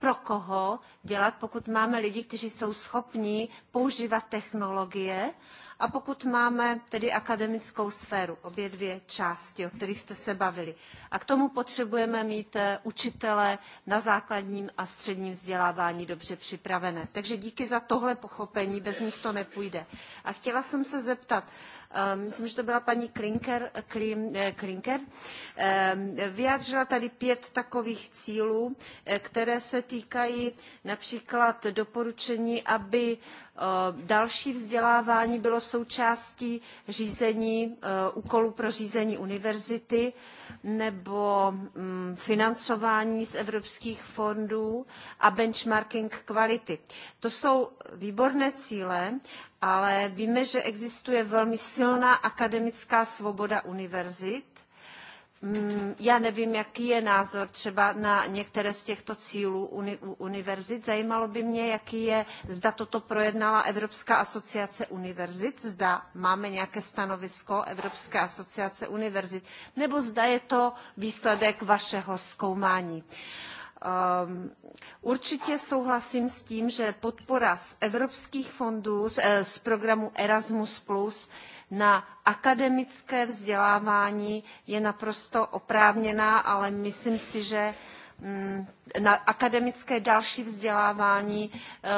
pro koho dělat, pokud máme lidi, kteří jsou schopní používat technologie a pokud máme tedy akademickou sféru, obě dvě části, o kterých jste se bavili. A k tomu potřebujeme mít eh, učitele na základním a středním vzdělávání dobře připravené. Takže díky za tohle pochopení, bez nich to nepůjde. A chtěla jsem se zeptat, Ehm, myslím, že to byla paní Klinker, eh, Klinker ehm, vyjádřila tady pět takových cílů, eh, které se týkají například doporučení, aby Eh, další vzdělávání bylo součástí řízení, eh, úkolů pro řízení univerzity nebo mm, financování z evropských fondů a benchmarking kvality. To jsou výborné cíle, ale víme, že existuje velmi silná akademická svoboda univerzit Mm, já nevím, jaký je názor třeba na některé z těchto cílů univerzit. Zajímalo by mě, jaký je, zda toto projednala Evropská asociace univerzit, zda máme nějaké stanovisko Evropské asociace univerzit, nebo zda je to výsledek vašeho zkoumání. Um, určitě souhlasím s tím, že podpora z evropských fondů, z, eh, z programu Erasmus+, na akademické vzdělávání je naprosto oprávněná, ale myslím si, že mm, na akademické další vzdělávání eh,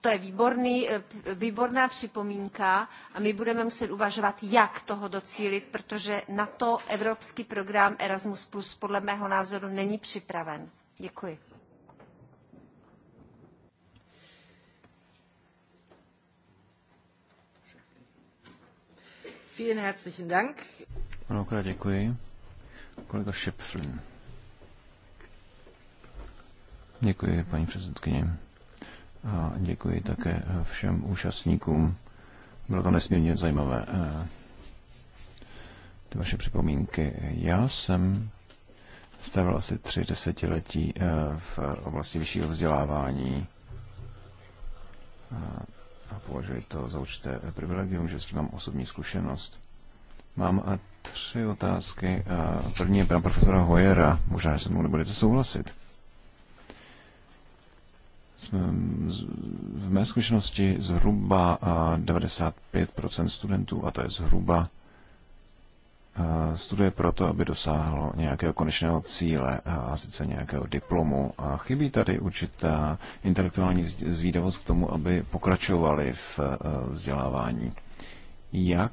to je výborný, eh, výborná připomínka a my budeme muset uvažovat, jak toho docílit, protože na to evropský program Erasmus podle mého názoru není připraven. Děkuji. Vielen herzlichen Dank. Mnohokrát děkuji. Kolega Šepflin. Děkuji, paní předsedkyně. A děkuji také eh, všem účastníkům. Bylo to nesmírně zajímavé. Eh, ty vaše připomínky. Já jsem strávil asi tři desetiletí eh, v oblasti vyššího vzdělávání a považuji to za určité privilegium, že s tím mám osobní zkušenost. Mám a tři otázky. A První je pana profesora Hojera. Možná, že se mu nebudete souhlasit. Jsme v mé zkušenosti zhruba 95% studentů, a to je zhruba Eh, studuje proto, aby dosáhlo nějakého konečného cíle, eh, a sice nějakého diplomu. A chybí tady určitá intelektuální zvídavost k tomu, aby pokračovali v eh, vzdělávání. Jak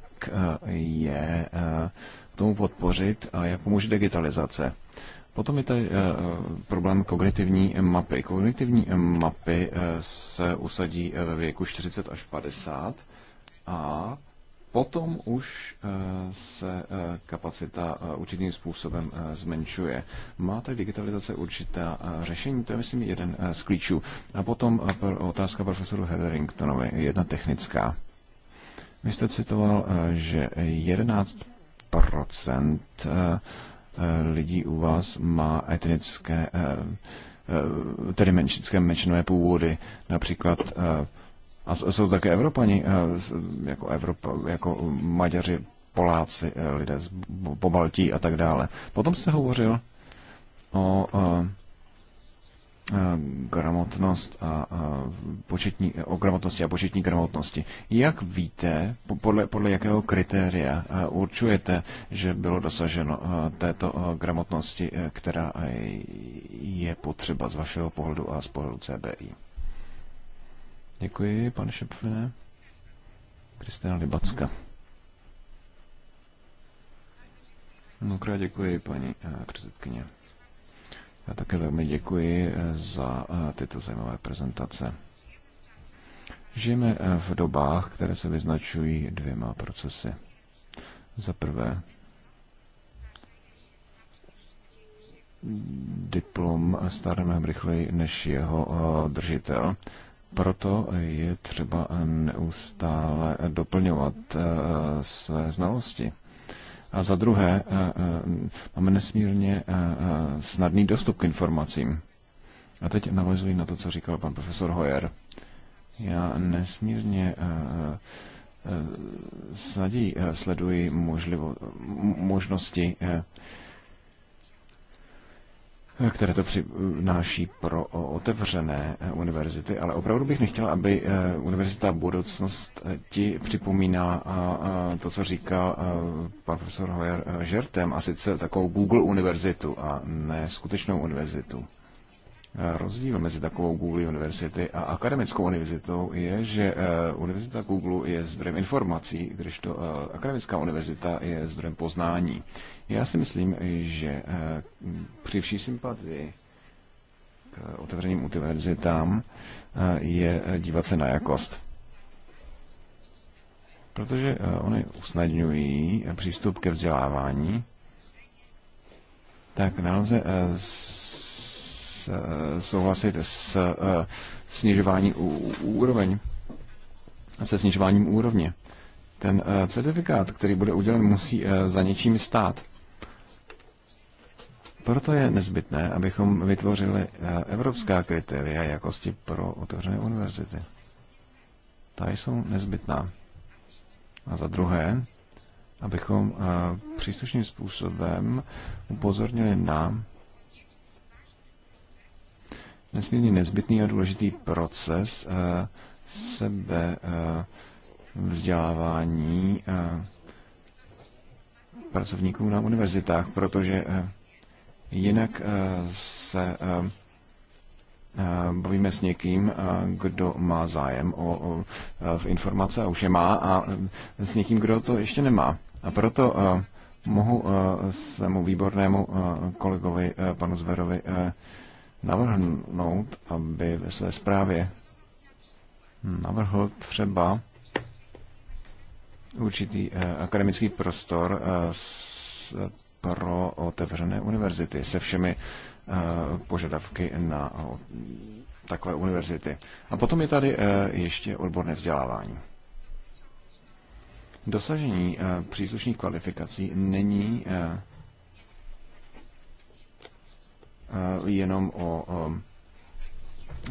je k tomu podpořit a jak pomůže digitalizace? Potom je tady problém kognitivní mapy. Kognitivní mapy se usadí ve věku 40 až 50 a potom už eh, se eh, kapacita eh, určitým způsobem zmenšuje. Má tak digitalizace určitá řešení? To je, myslím, jeden z klíčů. A potom otázka profesoru Heatheringtonovi, jedna technická. Vy jste citoval, že 11 lidí u vás má etnické, tedy menšinské menšinové původy, například a jsou také Evropani, eh, jako, Evropa, jako Maďaři, Poláci, eh, lidé z Pobaltí a tak dále. Potom jste hovořil o eh, gramotnost a, a početní, o gramotnosti a početní gramotnosti. Jak víte, podle, podle jakého kritéria určujete, že bylo dosaženo této gramotnosti, která je potřeba z vašeho pohledu a z pohledu CBI? Děkuji, pane Šepfine. Kristina Libacka. Mnohokrát děkuji, paní eh, předsedkyně. Já také velmi děkuji eh, za eh, tyto zajímavé prezentace. Žijeme v dobách, které se vyznačují dvěma procesy. Za prvé, diplom stárneme rychleji než jeho držitel proto je třeba neustále doplňovat eh, své znalosti. A za druhé, eh, eh, máme nesmírně snadný dostup k informacím. A teď navazuji na to, co říkal pan profesor Hoyer. Já nesmírně s nadějí sleduji možlivo, možnosti které to přináší pro otevřené eh, univerzity, ale opravdu bych nechtěl, aby eh, univerzita budoucnost ti připomíná to, co říkal eh, pan profesor Hoyer žertem, a sice takovou Google univerzitu a ne skutečnou univerzitu. Rozdíl mezi takovou Google univerzity a akademickou univerzitou je, že univerzita Google je zdrojem informací, to, akademická univerzita je zdrojem poznání. Já si myslím, že eh, při vší sympatii k otevřeným univerzitám eh, je eh, dívat se na jakost. Protože oni usnadňují přístup ke vzdělávání, tak nelze souhlasit s snižování úroveň, se snižováním úrovně. Ten certifikát, který bude udělen, musí za něčím stát. Proto je nezbytné, abychom vytvořili eh, evropská kritéria jakosti pro otevřené univerzity. Ta jsou nezbytná. A za druhé, abychom eh, příslušným způsobem upozornili na nesmírně nezbytný a důležitý proces eh, sebe vzdělávání pracovníků na univerzitách, protože Jinak eh, se eh, eh, bavíme s někým, kdo má zájem o, o, informace a už je má, a s někým, kdo to ještě nemá. A proto mohu svému výbornému kolegovi panu Zverovi navrhnout, aby ve své zprávě navrhl třeba určitý akademický prostor s pro otevřené univerzity se všemi eh, požadavky na eh, takové univerzity. A potom je tady eh, ještě odborné vzdělávání. Dosažení příslušných kvalifikací není jenom o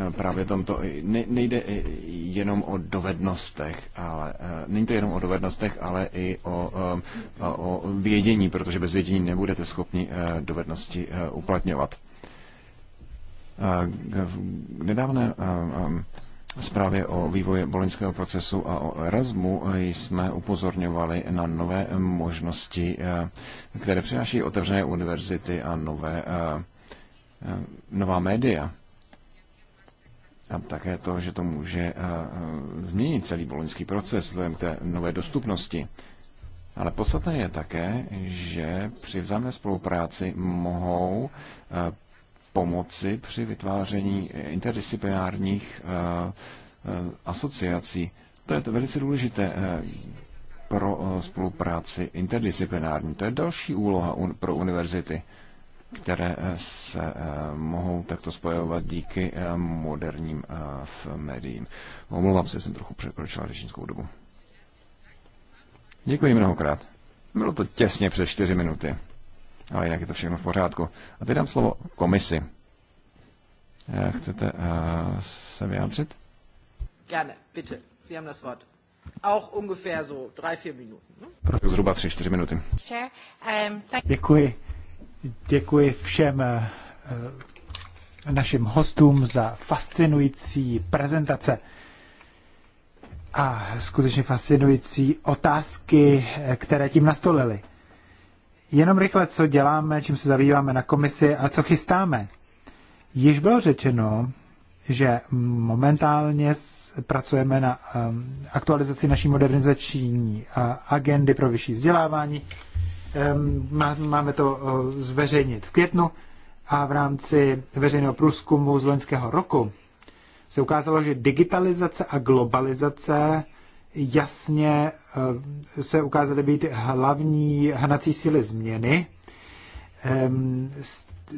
Eh, právě tomto. Nejde jenom o dovednostech, ale eh, není to jenom o dovednostech, ale i o, eh, o vědění, protože bez vědění nebudete schopni dovednosti uplatňovat. V nedávné zprávě o vývoji boloňského procesu a o Erasmu jsme upozorňovali na nové možnosti, které přináší otevřené univerzity a nové, nová média a také to, že to může eh, eh, změnit celý boloňský proces vzhledem té nové dostupnosti. Ale podstatné je také, že při vzájemné spolupráci mohou eh, pomoci při vytváření interdisciplinárních asociací. To je to velice důležité pro spolupráci interdisciplinární. To je další úloha pro univerzity které eh, se eh, mohou takto spojovat díky eh, moderním médiím. Omlouvám se, jsem trochu překročil řečnickou dobu. Děkuji mnohokrát. Bylo to těsně přes čtyři minuty. Ale jinak je to všechno v pořádku. A teď dám slovo komisi. Chcete se vyjádřit? Gerne, bitte. Sie haben das Wort. Auch ungefähr so drei, vier Minuten. Ne? Zhruba tři, čtyři minuty. Um, Děkuji. Děkuji všem eh, našim hostům za fascinující prezentace a skutečně fascinující otázky, eh, které tím nastolili. Jenom rychle, co děláme, čím se zabýváme na komisi a co chystáme. Již bylo řečeno, že momentálně pracujeme na ehm, aktualizaci naší modernizační eh, agendy pro vyšší vzdělávání. Ehm, máme to eh, zveřejnit v květnu a v rámci veřejného průzkumu z loňského roku se ukázalo, že digitalizace a globalizace jasně eh, se ukázaly být hlavní hnací síly změny ehm,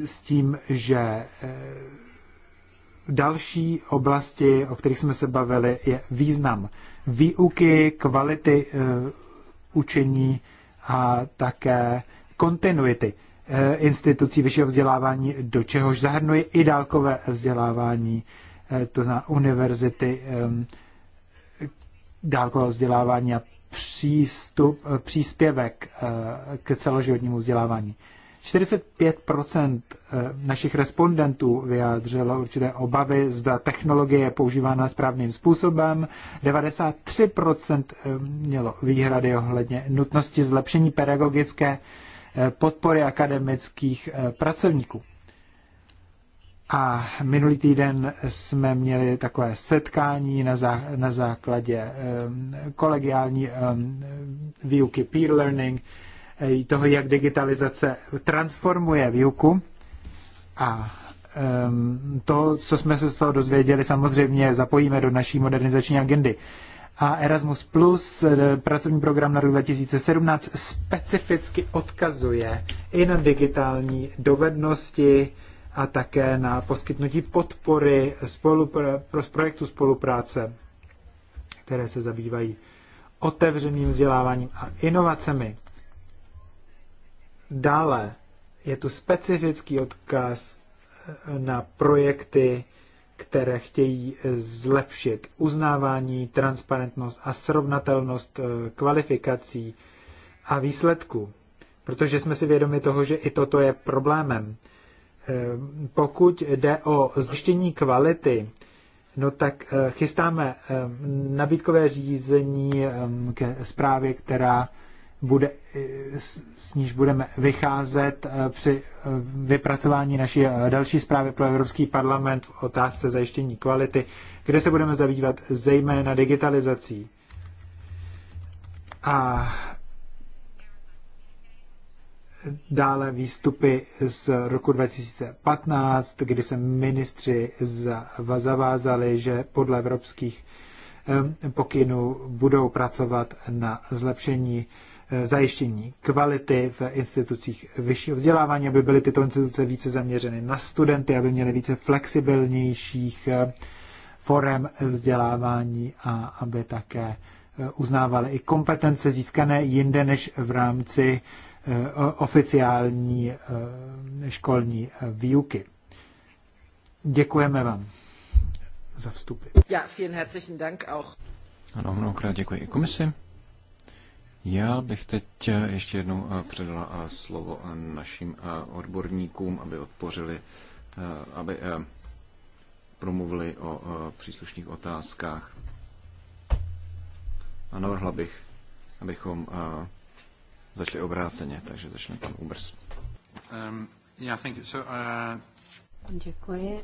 s tím, že eh, další oblasti, o kterých jsme se bavili, je význam výuky, kvality učení a také kontinuity eh, institucí vyššího vzdělávání, do čehož zahrnuje i dálkové vzdělávání, eh, to znamená univerzity, eh, dálkové vzdělávání a přístup, příspěvek k celoživotnímu vzdělávání. 45 našich respondentů vyjádřilo určité obavy, zda technologie je používána správným způsobem. 93 eh, mělo výhrady ohledně nutnosti zlepšení pedagogické eh, podpory akademických eh, pracovníků. A minulý týden jsme měli takové setkání na, zá, na základě um, kolegiální um, výuky peer learning, Eh, toho, jak digitalizace transformuje výuku a to, co jsme se z toho dozvěděli, samozřejmě zapojíme do naší modernizační agendy. A Erasmus Plus, eh, pracovní program na rok 2017, specificky odkazuje i na digitální dovednosti a také na poskytnutí podpory spolupr- pro projektu spolupráce, které se zabývají otevřeným vzděláváním a inovacemi. Dále je tu specifický odkaz eh, na projekty, které chtějí eh, zlepšit uznávání, transparentnost a srovnatelnost eh, kvalifikací a výsledků. Protože jsme si vědomi toho, že i toto je problémem. Pokud jde o zjištění kvality, no tak chystáme nabídkové řízení ke zprávě, která bude, eh, s níž budeme vycházet eh, při eh, vypracování naší další zprávy pro Evropský parlament v otázce zajištění kvality, kde se budeme zabývat zejména digitalizací. A dále výstupy z roku 2015, kdy se ministři zavázali, že podle evropských pokynů budou pracovat na zlepšení Eh, zajištění kvality v institucích vyššího vzdělávání, aby byly tyto instituce více zaměřeny na studenty, aby měly více flexibilnějších eh, forem vzdělávání a aby také eh, uznávaly i kompetence získané jinde než v rámci oficiální školní výuky. Děkujeme vám za vstupy. Ja, vielen herzlichen Dank auch. Ano, mnohokrát děkuji i komisi. Já bych teď eh, ještě jednou eh, předala eh, slovo našim odborníkům, aby odpořili, aby promluvili o příslušných otázkách. A navrhla bych, abychom začali obráceně, takže začne pan Ubers. Um, yeah, thank you. So, uh... Děkuji.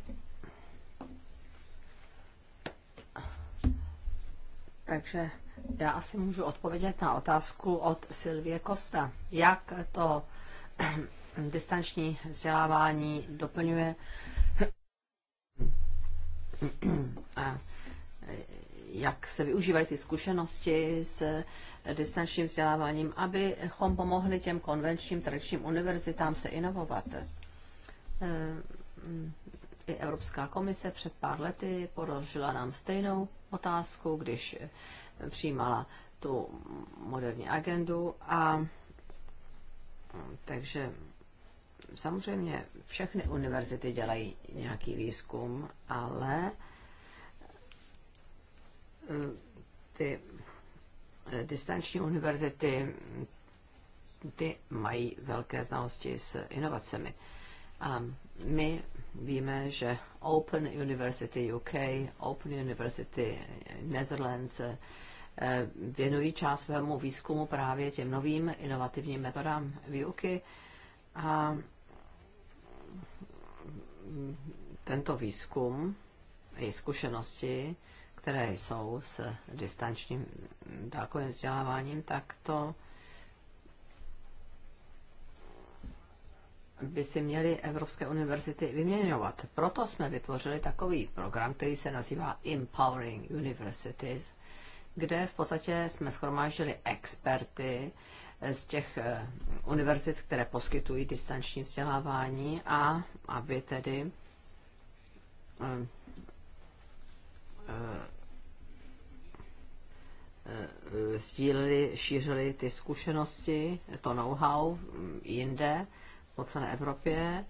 Takže já asi můžu odpovědět na otázku od Silvie Kosta. Jak to distanční vzdělávání doplňuje a jak se využívají ty zkušenosti s distančním vzděláváním, abychom pomohli těm konvenčním tradičním univerzitám se inovovat. E, mm, I Evropská komise před pár lety položila nám stejnou otázku, když přijímala tu moderní agendu a takže samozřejmě všechny univerzity dělají nějaký výzkum, ale eh, ty distanční univerzity ty mají velké znalosti s inovacemi. A my víme, že Open University UK, Open University Netherlands, Eh, věnují část svému výzkumu právě těm novým inovativním metodám výuky. A tento výzkum i zkušenosti, které jsou s distančním dálkovým vzděláváním, tak to by si měly Evropské univerzity vyměňovat. Proto jsme vytvořili takový program, který se nazývá Empowering Universities – kde v podstatě jsme schromáždili experty z těch eh, univerzit, které poskytují distanční vzdělávání a aby tedy eh, eh, sdíleli, šířili ty zkušenosti, to know-how mm, jinde po celé Evropě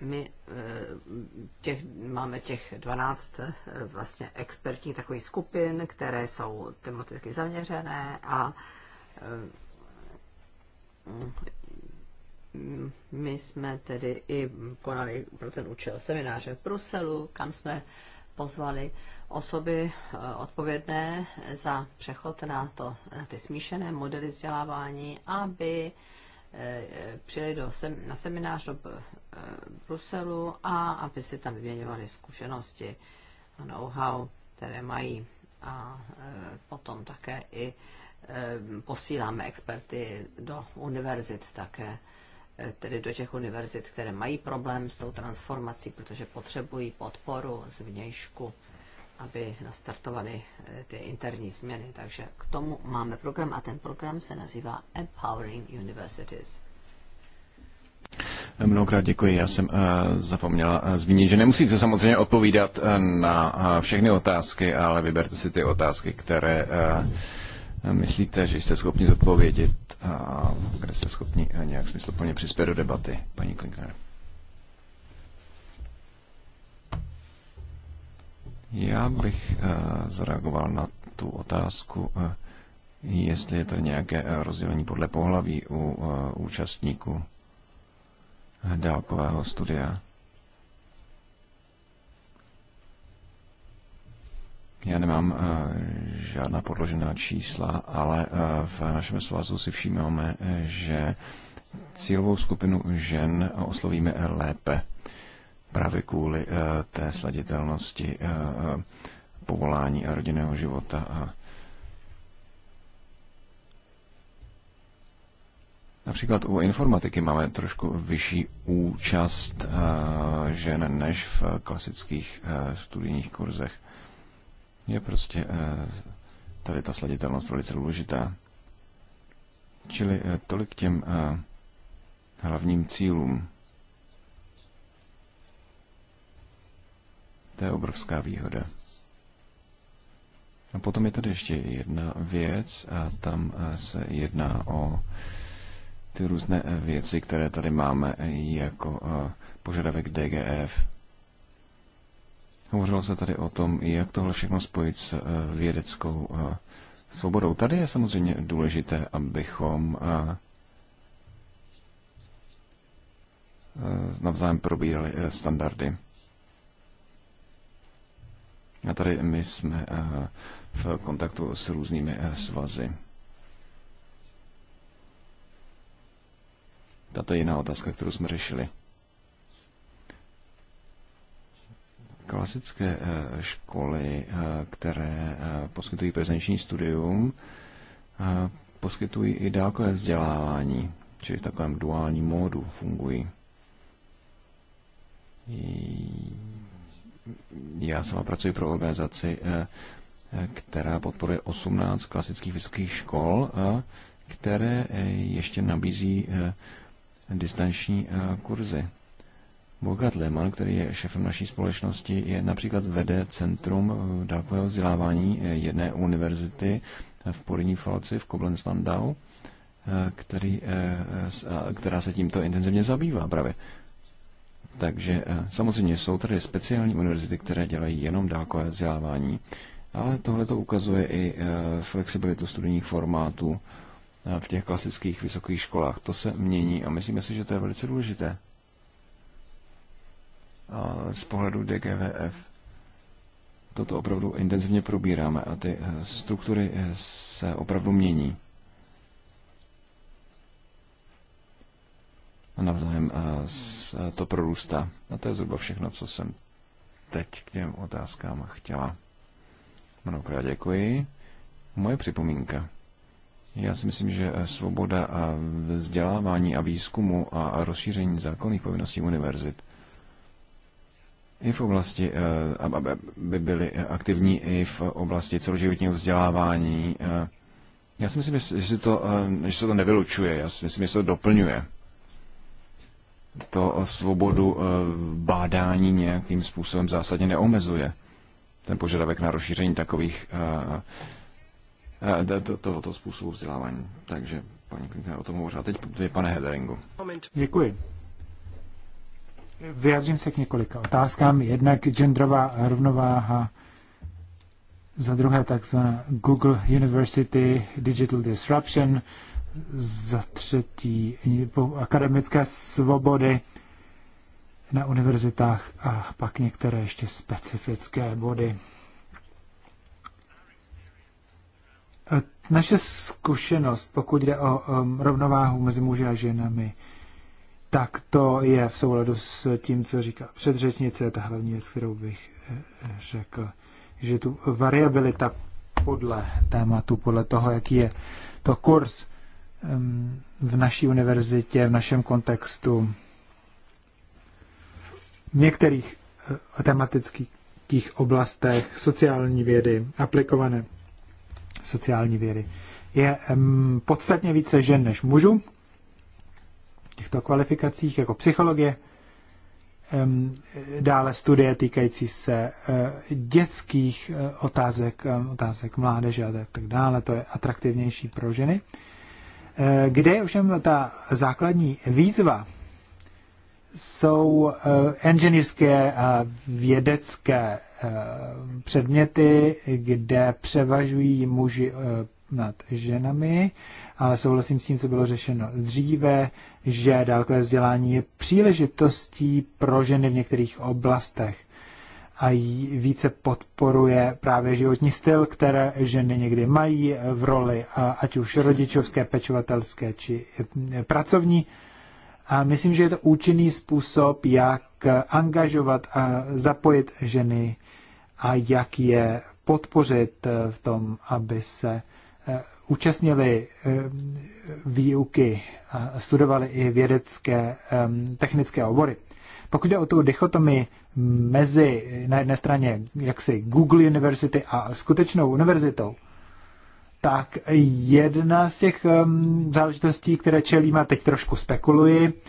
my eh, těch, máme těch 12 eh, vlastně expertních takových skupin, které jsou tematicky zaměřené a eh, my jsme tedy i konali pro ten účel semináře v Bruselu, kam jsme pozvali osoby odpovědné za přechod na, to, na ty smíšené modely vzdělávání, aby přijeli do, sem, na seminář do eh, Bruselu a aby si tam vyměňovali zkušenosti a know-how, které mají. A eh, potom také i eh, posíláme experty do univerzit také, tedy do těch univerzit, které mají problém s tou transformací, protože potřebují podporu zvnějšku aby nastartovaly eh, ty interní změny. Takže k tomu máme program a ten program se nazývá Empowering Universities. Eh, mnohokrát děkuji. Já jsem eh, zapomněla zmínit, že nemusíte samozřejmě odpovídat na všechny otázky, ale vyberte si ty otázky, které myslíte, že jste schopni zodpovědět a kde jste schopni nějak smysluplně přispět do debaty. Paní Klinkner. Já bych eh, zareagoval na tu otázku, eh, jestli je to nějaké eh, rozdělení podle pohlaví u účastníků dálkového studia. Já nemám uh, žádná podložená čísla, ale uh, v našem svazu si všímáme, že cílovou skupinu žen oslovíme lépe právě kvůli eh, té sladitelnosti eh, povolání a rodinného života. A Například u informatiky máme trošku vyšší účast eh, žen než v klasických studijních kurzech. Je prostě tady ta sladitelnost velice důležitá. Čili tolik těm hlavním cílům. To je obrovská výhoda. A potom je tady ještě jedna věc a tam eh, se jedná o ty různé eh, věci, které tady máme eh, jako požadavek DGF. Hovořilo se tady o tom, jak tohle všechno spojit s vědeckou svobodou. Tady je samozřejmě důležité, abychom navzájem probírali standardy. A tady my jsme eh, v kontaktu s různými eh, svazy. Tato je jiná otázka, kterou jsme řešili. Klasické eh, školy, které poskytují prezenční studium, poskytují i dálkové vzdělávání, čili v takovém duálním módu fungují já sama pracuji pro organizaci, eh, eh, která podporuje 18 klasických vysokých škol, eh, které ještě nabízí distanční kurzy. Bogat Lehmann, který je šéfem naší společnosti, je například vede Centrum dálkového vzdělávání jedné univerzity v Porinní Falci v Koblenzlandau, který, která se tímto intenzivně zabývá právě. Takže eh, samozřejmě jsou tady speciální univerzity, které dělají jenom dálkové vzdělávání, ale tohle to ukazuje i eh, flexibilitu studijních formátů eh, v těch klasických vysokých školách. To se mění a myslíme si, že to je velice důležité. A z pohledu DGVF toto opravdu intenzivně probíráme a ty struktury se opravdu mění. a navzájem to prorůstá. A to je zhruba všechno, co jsem teď k těm otázkám chtěla. Mnohokrát děkuji. Moje připomínka. Já si myslím, že svoboda a vzdělávání a výzkumu a rozšíření zákonných povinností univerzit i v oblasti, eh, aby byly aktivní i v oblasti celoživotního vzdělávání. Eh. Já si myslím, že se to, eh, že se to nevylučuje, já si myslím, že se to doplňuje to svobodu eh, bádání nějakým způsobem zásadně neomezuje. Ten požadavek na rozšíření takových eh, eh, tohoto způsobu vzdělávání. Takže paní Klinka o tom hovořila. Teď dvě pane Hederingu. Děkuji. Vyjádřím se k několika otázkám. Jednak genderová rovnováha, za druhé takzvaná Google University Digital Disruption, za třetí akademické svobody na univerzitách a pak některé ještě specifické body. Naše zkušenost, pokud jde o um, rovnováhu mezi muži a ženami, tak to je v souladu s tím, co říká předřečnice, ta hlavní věc, kterou bych eh, řekl, že tu variabilita podle tématu, podle toho, jaký je to kurz, v naší univerzitě, v našem kontextu, v některých eh, tematických oblastech sociální vědy, aplikované sociální vědy, je podstatně více žen než mužů v těchto kvalifikacích, jako psychologie, dále studie týkající se eh, dětských eh, otázek, otázek mládeže a tak dále. To je atraktivnější pro ženy. Eh, kde je ovšem ta základní výzva, jsou eh, inženýrské a vědecké eh, předměty, kde převažují muži nad ženami, ale souhlasím s tím, co bylo řešeno dříve, že dálkové vzdělání je příležitostí pro ženy v některých oblastech a více podporuje právě životní styl, které ženy někdy mají v roli, ať už rodičovské, pečovatelské či pracovní. A myslím, že je to účinný způsob, jak angažovat a zapojit ženy a jak je podpořit v tom, aby se eh, účastnili eh, výuky a studovali i vědecké eh, technické obory. Pokud jde o tu dichotomy mezi na jedné straně jaksi Google University a skutečnou univerzitou, tak jedna z těch um, záležitostí, které čelíme, teď trošku spekuluji,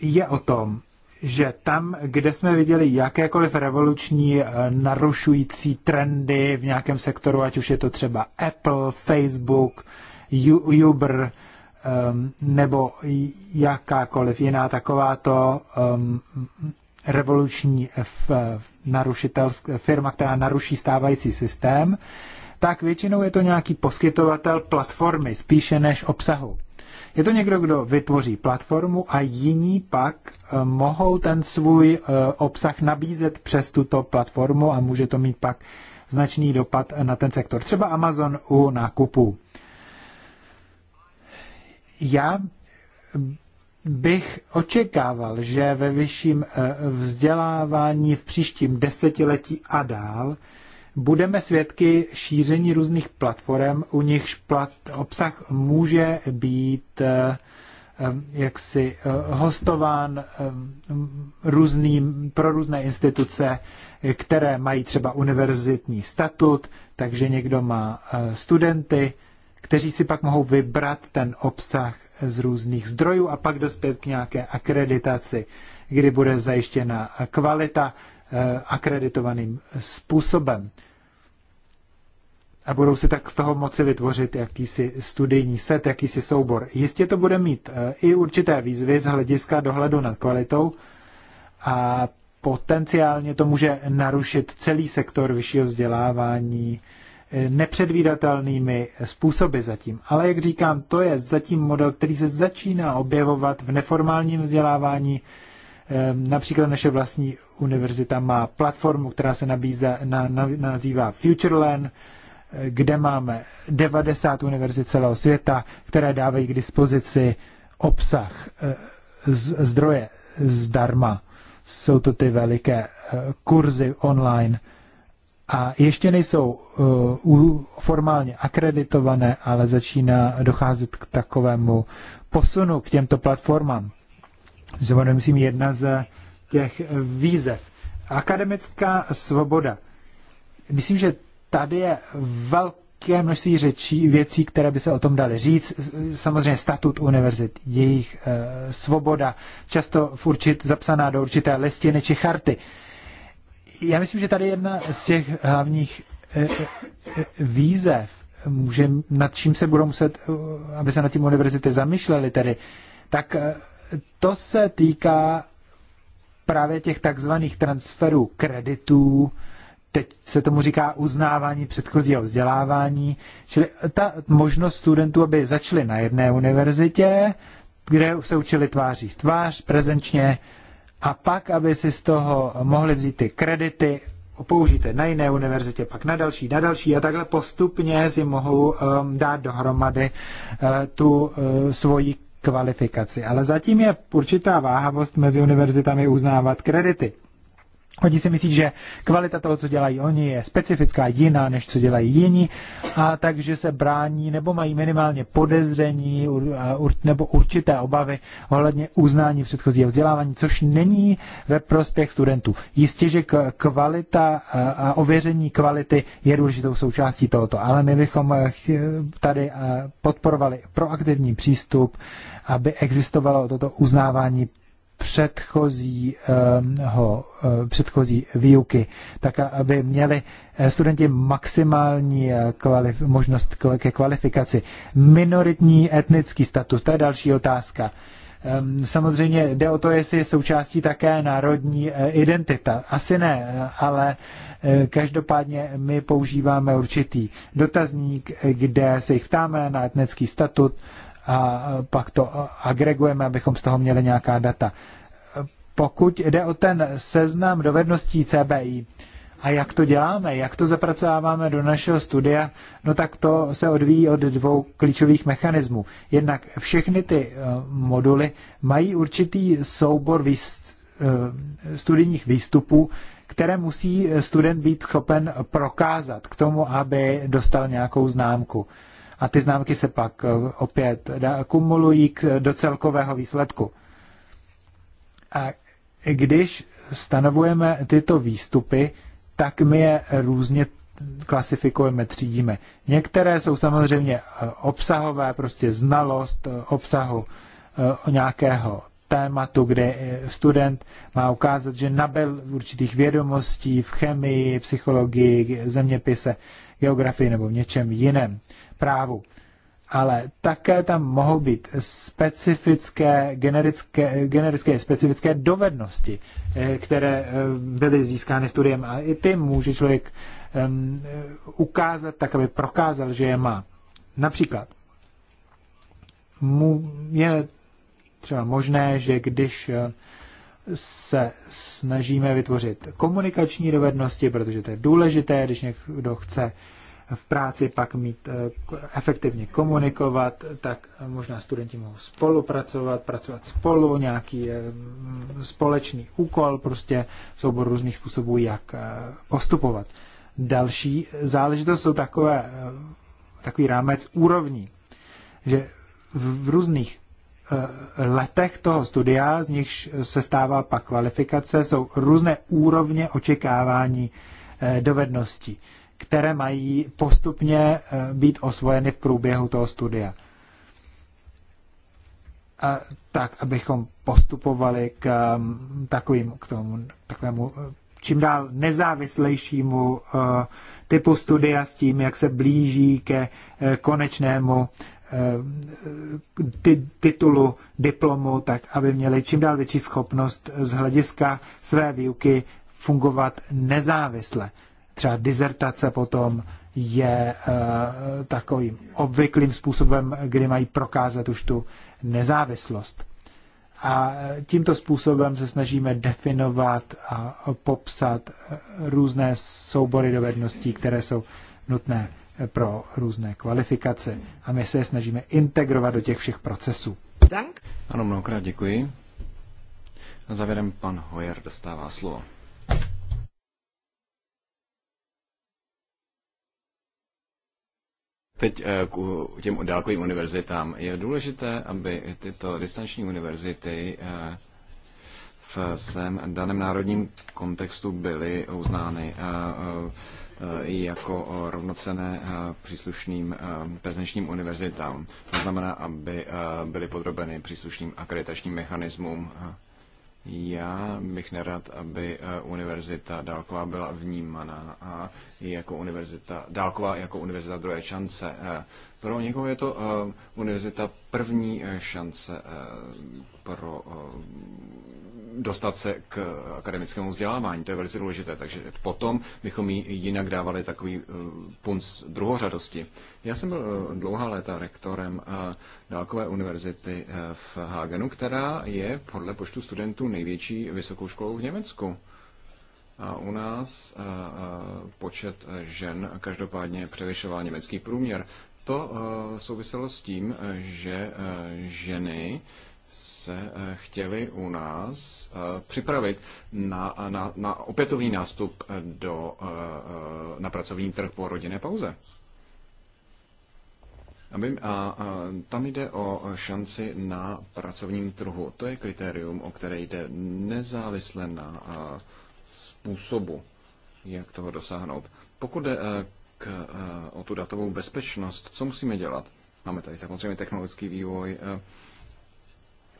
je o tom, že tam, kde jsme viděli jakékoliv revoluční eh, narušující trendy v nějakém sektoru, ať už je to třeba Apple, Facebook, Uber, Um, nebo jakákoliv jiná takováto um, revoluční narušitelsk, firma, která naruší stávající systém, tak většinou je to nějaký poskytovatel platformy spíše než obsahu. Je to někdo, kdo vytvoří platformu a jiní pak eh, mohou ten svůj eh, obsah nabízet přes tuto platformu a může to mít pak značný dopad na ten sektor. Třeba Amazon u nákupů já bych očekával, že ve vyšším eh, vzdělávání v příštím desetiletí a dál budeme svědky šíření různých platform, u nichž plat, obsah může být eh, eh, jaksi hostován různým, pro různé instituce, které mají třeba univerzitní statut, takže někdo má studenty, kteří si pak mohou vybrat ten obsah z různých zdrojů a pak dospět k nějaké akreditaci, kdy bude zajištěna kvalita eh, akreditovaným způsobem. A budou si tak z toho moci vytvořit jakýsi studijní set, jakýsi soubor. Jistě to bude mít eh, i určité výzvy z hlediska dohledu nad kvalitou a potenciálně to může narušit celý sektor vyššího vzdělávání, E, nepředvídatelnými způsoby zatím. Ale jak říkám, to je zatím model, který se začíná objevovat v neformálním vzdělávání. E, například naše vlastní univerzita má platformu, která se nabíze, na, na, nazývá FutureLearn, kde máme 90 univerzit celého světa, které dávají k dispozici obsah e, z, zdroje zdarma. Jsou to ty veliké kurzy online, a ještě nejsou uh, formálně akreditované, ale začíná docházet k takovému posunu k těmto platformám. Že to myslím jedna z těch výzev. Akademická svoboda. Myslím, že tady je velké množství řečí, věcí, které by se o tom daly říct. Samozřejmě statut univerzit, jejich e, svoboda, často v určit, zapsaná do určité listiny či charty. E, já myslím, že tady jedna z těch hlavních eh, eh, eh, výzev, může, nad čím se budou muset, aby se nad tím univerzity zamýšlely tedy, tak to se týká právě těch takzvaných transferů kreditů, teď se tomu říká uznávání předchozího vzdělávání, čili ta možnost studentů, aby začali na jedné univerzitě, kde se učili tváří v tvář prezenčně, a pak, aby si z toho mohli vzít ty kredity, použijte na jiné univerzitě, pak na další, na další a takhle postupně si mohou um, dát dohromady uh, tu uh, svoji kvalifikaci. Ale zatím je určitá váhavost mezi univerzitami uznávat kredity. Oni si myslí, že kvalita toho, co dělají oni, je specifická, jiná, než co dělají jiní, a takže se brání nebo mají minimálně podezření nebo určité obavy ohledně uznání předchozího vzdělávání, což není ve prospěch studentů. Jistě, že kvalita a ověření kvality je důležitou součástí tohoto, ale my bychom eh, tady eh, podporovali proaktivní přístup, aby existovalo toto uznávání předchozího, ehm, eh, předchozí výuky, tak aby měli eh, studenti maximální eh, kvalif- možnost ke kvalifikaci. Minoritní etnický status, to je další otázka. Ehm, samozřejmě jde o to, jestli je součástí také národní identita. Asi ne, ale každopádně my používáme určitý dotazník, kde se jich ptáme na etnický statut, a pak to agregujeme, abychom z toho měli nějaká data. Pokud jde o ten seznam dovedností CBI, a jak to děláme, jak to zapracováváme do našeho studia, no tak to se odvíjí od dvou klíčových mechanismů. Jednak všechny ty eh, moduly mají určitý soubor výst, eh, studijních výstupů, které musí student být schopen prokázat k tomu, aby dostal nějakou známku a ty známky se pak eh, opět eh, kumulují eh, do celkového výsledku. A když stanovujeme tyto výstupy, tak my je různě klasifikujeme, třídíme. Některé jsou samozřejmě obsahové, prostě znalost obsahu nějakého tématu, kde student má ukázat, že nabil určitých vědomostí v chemii, psychologii, zeměpise, geografii nebo v něčem jiném právu. Ale také tam mohou být specifické, generické, generické specifické dovednosti, eh, které eh, byly získány studiem. A i ty může člověk um, ukázat tak, aby prokázal, že je má. Například mu je třeba možné, že když eh, se snažíme vytvořit komunikační dovednosti, protože to je důležité, když někdo chce v práci pak mít eh, efektivně komunikovat, tak možná studenti mohou spolupracovat, pracovat spolu, nějaký eh, mm, společný úkol, prostě soubor různých způsobů, jak eh, postupovat. Další záležitost jsou takové, takový rámec úrovní, že v různých letech toho studia, z nichž se stává pak kvalifikace, jsou různé úrovně očekávání dovedností které mají postupně eh, být osvojeny v průběhu toho studia. A tak, abychom postupovali k, mm, takovým, k tomu, takovému eh, čím dál nezávislejšímu eh, typu studia s tím, jak se blíží ke konečnému ty, titulu, diplomu, tak aby měli čím dál větší schopnost z hlediska své výuky fungovat nezávisle. Třeba dizertace potom je eh, takovým obvyklým způsobem, kdy mají prokázat už tu nezávislost. A tímto způsobem se snažíme definovat a popsat eh, různé soubory dovedností, které jsou nutné eh, pro různé kvalifikace. A my se je snažíme integrovat do těch všech procesů. Dank. Ano, mnohokrát děkuji. Na závěrem pan Hoyer dostává slovo. Teď eh, k těm dálkovým univerzitám. Je důležité, aby tyto distanční univerzity eh, v svém daném národním kontextu byly uznány eh, jako rovnocené příslušným prezenčním univerzitám. To znamená, aby byly podrobeny příslušným akreditačním mechanismům. Já bych nerad, aby eh, univerzita dálková byla vnímaná a jako univerzita dálková jako univerzita druhé šance. Eh. Pro někoho je to eh, univerzita první šance pro dostat se k akademickému vzdělávání. To je velice důležité, takže potom bychom jí jinak dávali takový eh, punc druhořadosti. Já jsem byl eh, dlouhá léta rektorem eh, dálkové univerzity v Hagenu, která je podle počtu studentů největší vysokou školou v Německu. A u nás počet žen každopádně převyšoval německý průměr. To souviselo s tím, že ženy se eh, chtěli u nás eh, připravit na, eh, na, na opětovný nástup do, na pracovní trh po rodinné pauze. a, tam jde o šanci na pracovním trhu. To je kritérium, o které jde nezávisle na způsobu, jak toho dosáhnout. Pokud jde k, o tu datovou bezpečnost, co musíme dělat? Máme tady samozřejmě technologický vývoj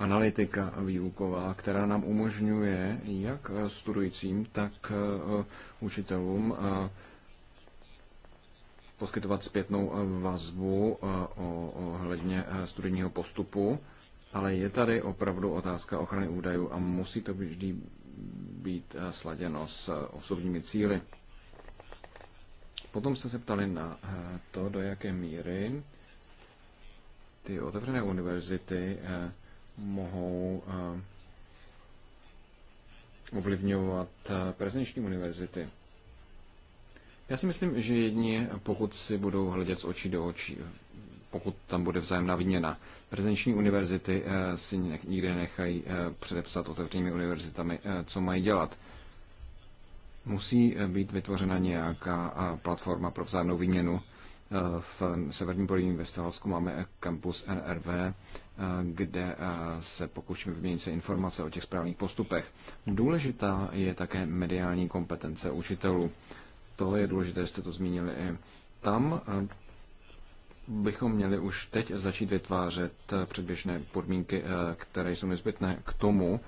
analytika výuková, která nám umožňuje jak studujícím, tak eh, učitelům eh, poskytovat zpětnou eh, vazbu ohledně studijního postupu, ale je tady opravdu otázka ochrany údajů a musí to vždy být sladěno s osobními cíly. Potom jste se ptali na to, do jaké míry ty otevřené univerzity mohou eh, ovlivňovat eh, prezenční univerzity. Já si myslím, že jedni, eh, pokud si budou hledět z očí do očí, pokud tam bude vzájemná výměna. Prezenční univerzity si nikdy nechají předepsat otevřenými univerzitami, co mají dělat. Musí být vytvořena nějaká platforma pro vzájemnou výměnu v severním Políní ve Stalsku máme kampus NRV, kde se pokoušíme vyměnit se informace o těch správných postupech. Důležitá je také mediální kompetence učitelů. To je důležité, jste to zmínili i tam bychom měli už teď začít vytvářet předběžné podmínky, které jsou nezbytné k tomu,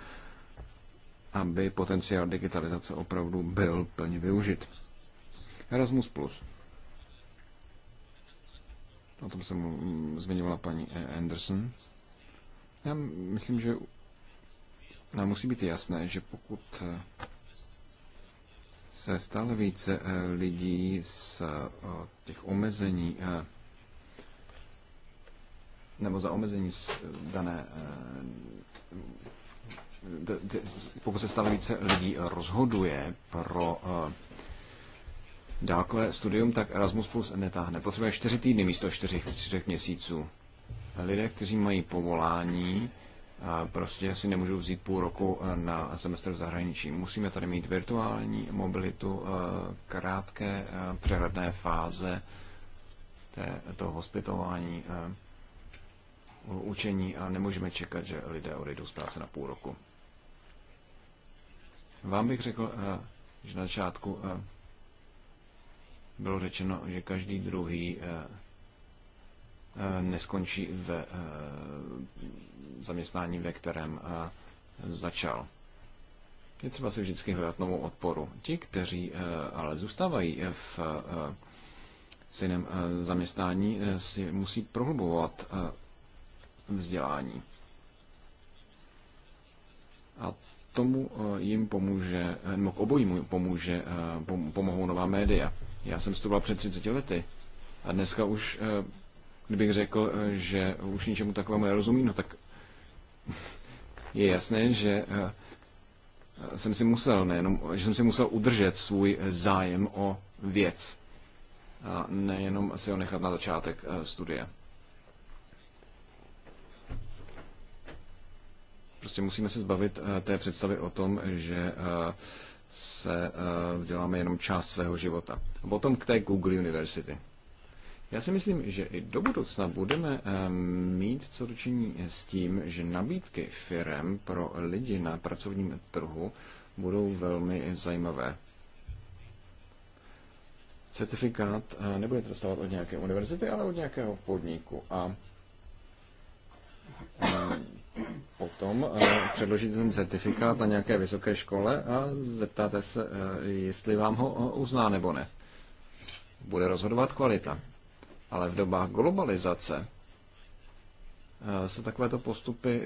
aby potenciál digitalizace opravdu byl plně využit. Erasmus Plus o tom se mm, zmiňovala paní eh, Anderson. Já myslím, že nám musí být jasné, že pokud eh, se stále více eh, lidí z těch omezení nebo za omezení dané pokud se stále více lidí rozhoduje pro dálkové studium, tak Erasmus Plus netáhne. Potřebuje čtyři týdny místo čtyřech, čtyřech měsíců. Lidé, kteří mají povolání, prostě si nemůžou vzít půl roku e, na semestr v zahraničí. Musíme tady mít virtuální mobilitu, e, krátké e, přehledné fáze té, toho hospitování, učení a nemůžeme čekat, že lidé odejdou z práce na půl roku. Vám bych řekl, že na začátku bylo řečeno, že každý druhý eh, eh, neskončí ve eh, zaměstnání, ve kterém začal. Je třeba si vždycky hledat novou odporu. Ti, kteří ale zůstávají v stejném zaměstnání, si musí prohlubovat vzdělání. A tomu jim pomůže, nebo k obojímu pomůže, pomohou nová média. Já jsem studoval před 30 lety a dneska už, eh, kdybych řekl, eh, že už ničemu takovému nerozumím, no tak je jasné, že eh, jsem si musel, nejenom, že jsem si musel udržet svůj zájem o věc a nejenom si ho nechat na začátek studia. Prostě musíme se zbavit té představy o tom, že se eh, vzděláme jenom část svého života. A potom k té Google University. Já si myslím, že i do budoucna budeme eh, mít co dočiní s tím, že nabídky firm pro lidi na pracovním trhu budou velmi zajímavé. Certifikát eh, nebudete dostávat od nějaké univerzity, ale od nějakého podniku. A potom eh, předložíte ten certifikát na nějaké vysoké škole a zeptáte se, eh, jestli vám ho eh, uzná nebo ne. Bude rozhodovat kvalita. Ale v dobách globalizace se takovéto postupy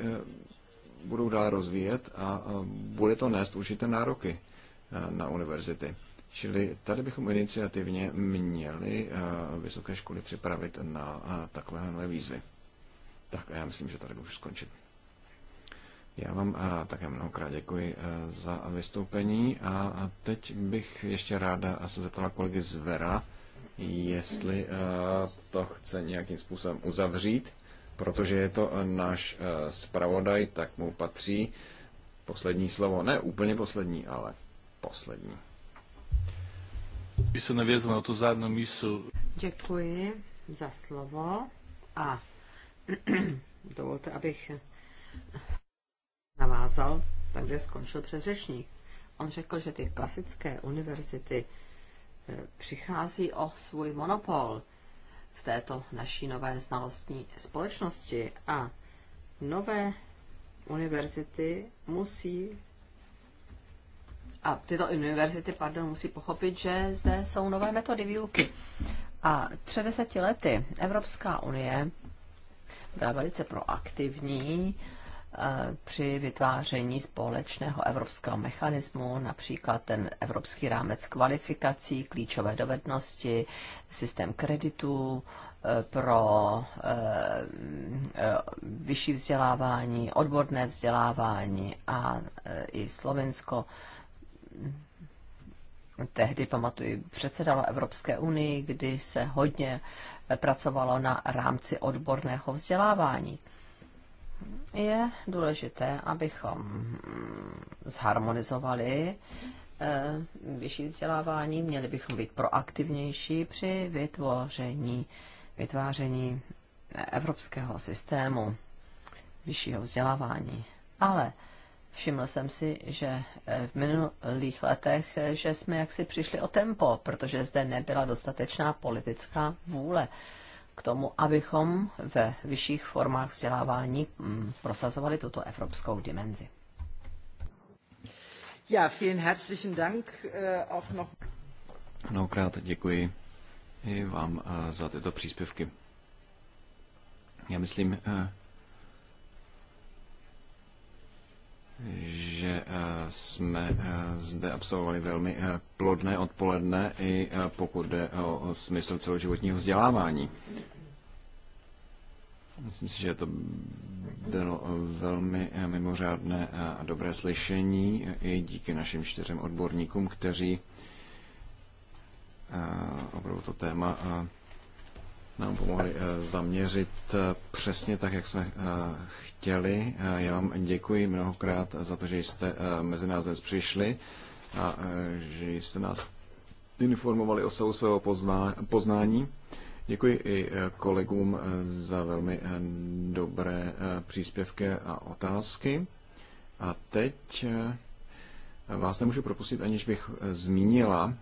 budou dál rozvíjet a bude to nést určité nároky na univerzity. Čili tady bychom iniciativně měli vysoké školy připravit na takové nové výzvy. Tak a já myslím, že tady můžu skončit. Já vám také mnohokrát děkuji e, za vystoupení a teď bych ještě ráda se zeptala kolegy Zvera, jestli e, to chce nějakým způsobem uzavřít, protože je to e, náš zpravodaj, tak mu patří poslední slovo. Ne úplně poslední, ale poslední. By se nevězl na to zádnou mísu. Děkuji za slovo a dovolte, abych navázal tam, kde skončil předřečník. On řekl, že ty klasické univerzity e, přichází o svůj monopol v této naší nové znalostní společnosti a nové univerzity musí a tyto univerzity, pardon, musí pochopit, že zde jsou nové metody výuky. A před deseti lety Evropská unie byla velice proaktivní, při vytváření společného evropského mechanismu, například ten evropský rámec kvalifikací, klíčové dovednosti, systém kreditů eh, pro eh, eh, vyšší vzdělávání, odborné vzdělávání a i Slovensko tehdy, pamatuju, předsedalo Evropské unii, kdy se hodně pracovalo na rámci odborného vzdělávání je důležité, abychom zharmonizovali eh, vyšší vzdělávání, měli bychom být proaktivnější při vytvoření, vytváření evropského systému vyššího vzdělávání. Ale všiml jsem si, že eh, v minulých letech, eh, že jsme jaksi přišli o tempo, protože zde nebyla dostatečná politická vůle k tomu, abychom ve vyšších formách vzdělávání mm, prosazovali tuto evropskou dimenzi. Ja, vielen herzlichen Dank äh, auch noch. Mnohokrát děkuji i vám äh, za tyto příspěvky. Já myslím, äh, že eh, jsme eh, zde absolvovali velmi eh, plodné odpoledne, i pokud jde o smysl celoživotního vzdělávání. Myslím si, že to bylo velmi mimořádné a dobré slyšení i díky našim čtyřem odborníkům, kteří opravdu to téma nám pomohli eh, zaměřit eh, přesně tak, jak jsme eh, chtěli. Já vám děkuji mnohokrát za to, že jste mezi nás dnes přišli a že jste nás informovali o stavu svého poznání. Děkuji i kolegům za velmi dobré příspěvky a otázky. A teď vás nemůžu propustit, aniž bych zmínila,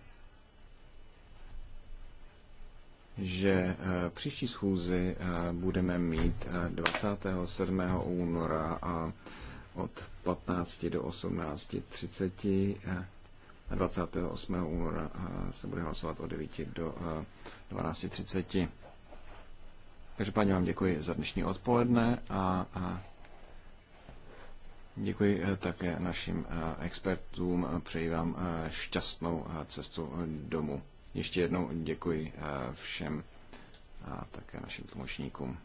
že eh, příští schůzi eh, budeme mít 27. Eh, února a od 15 do 18.30 a 28. února se bude hlasovat od 9 do 12.30. Každopádně vám děkuji za dnešní odpoledne a, a děkuji také našim expertům. Přeji vám šťastnou cestu domů. Ještě jednou děkuji eh, všem a také našim tlumočníkům.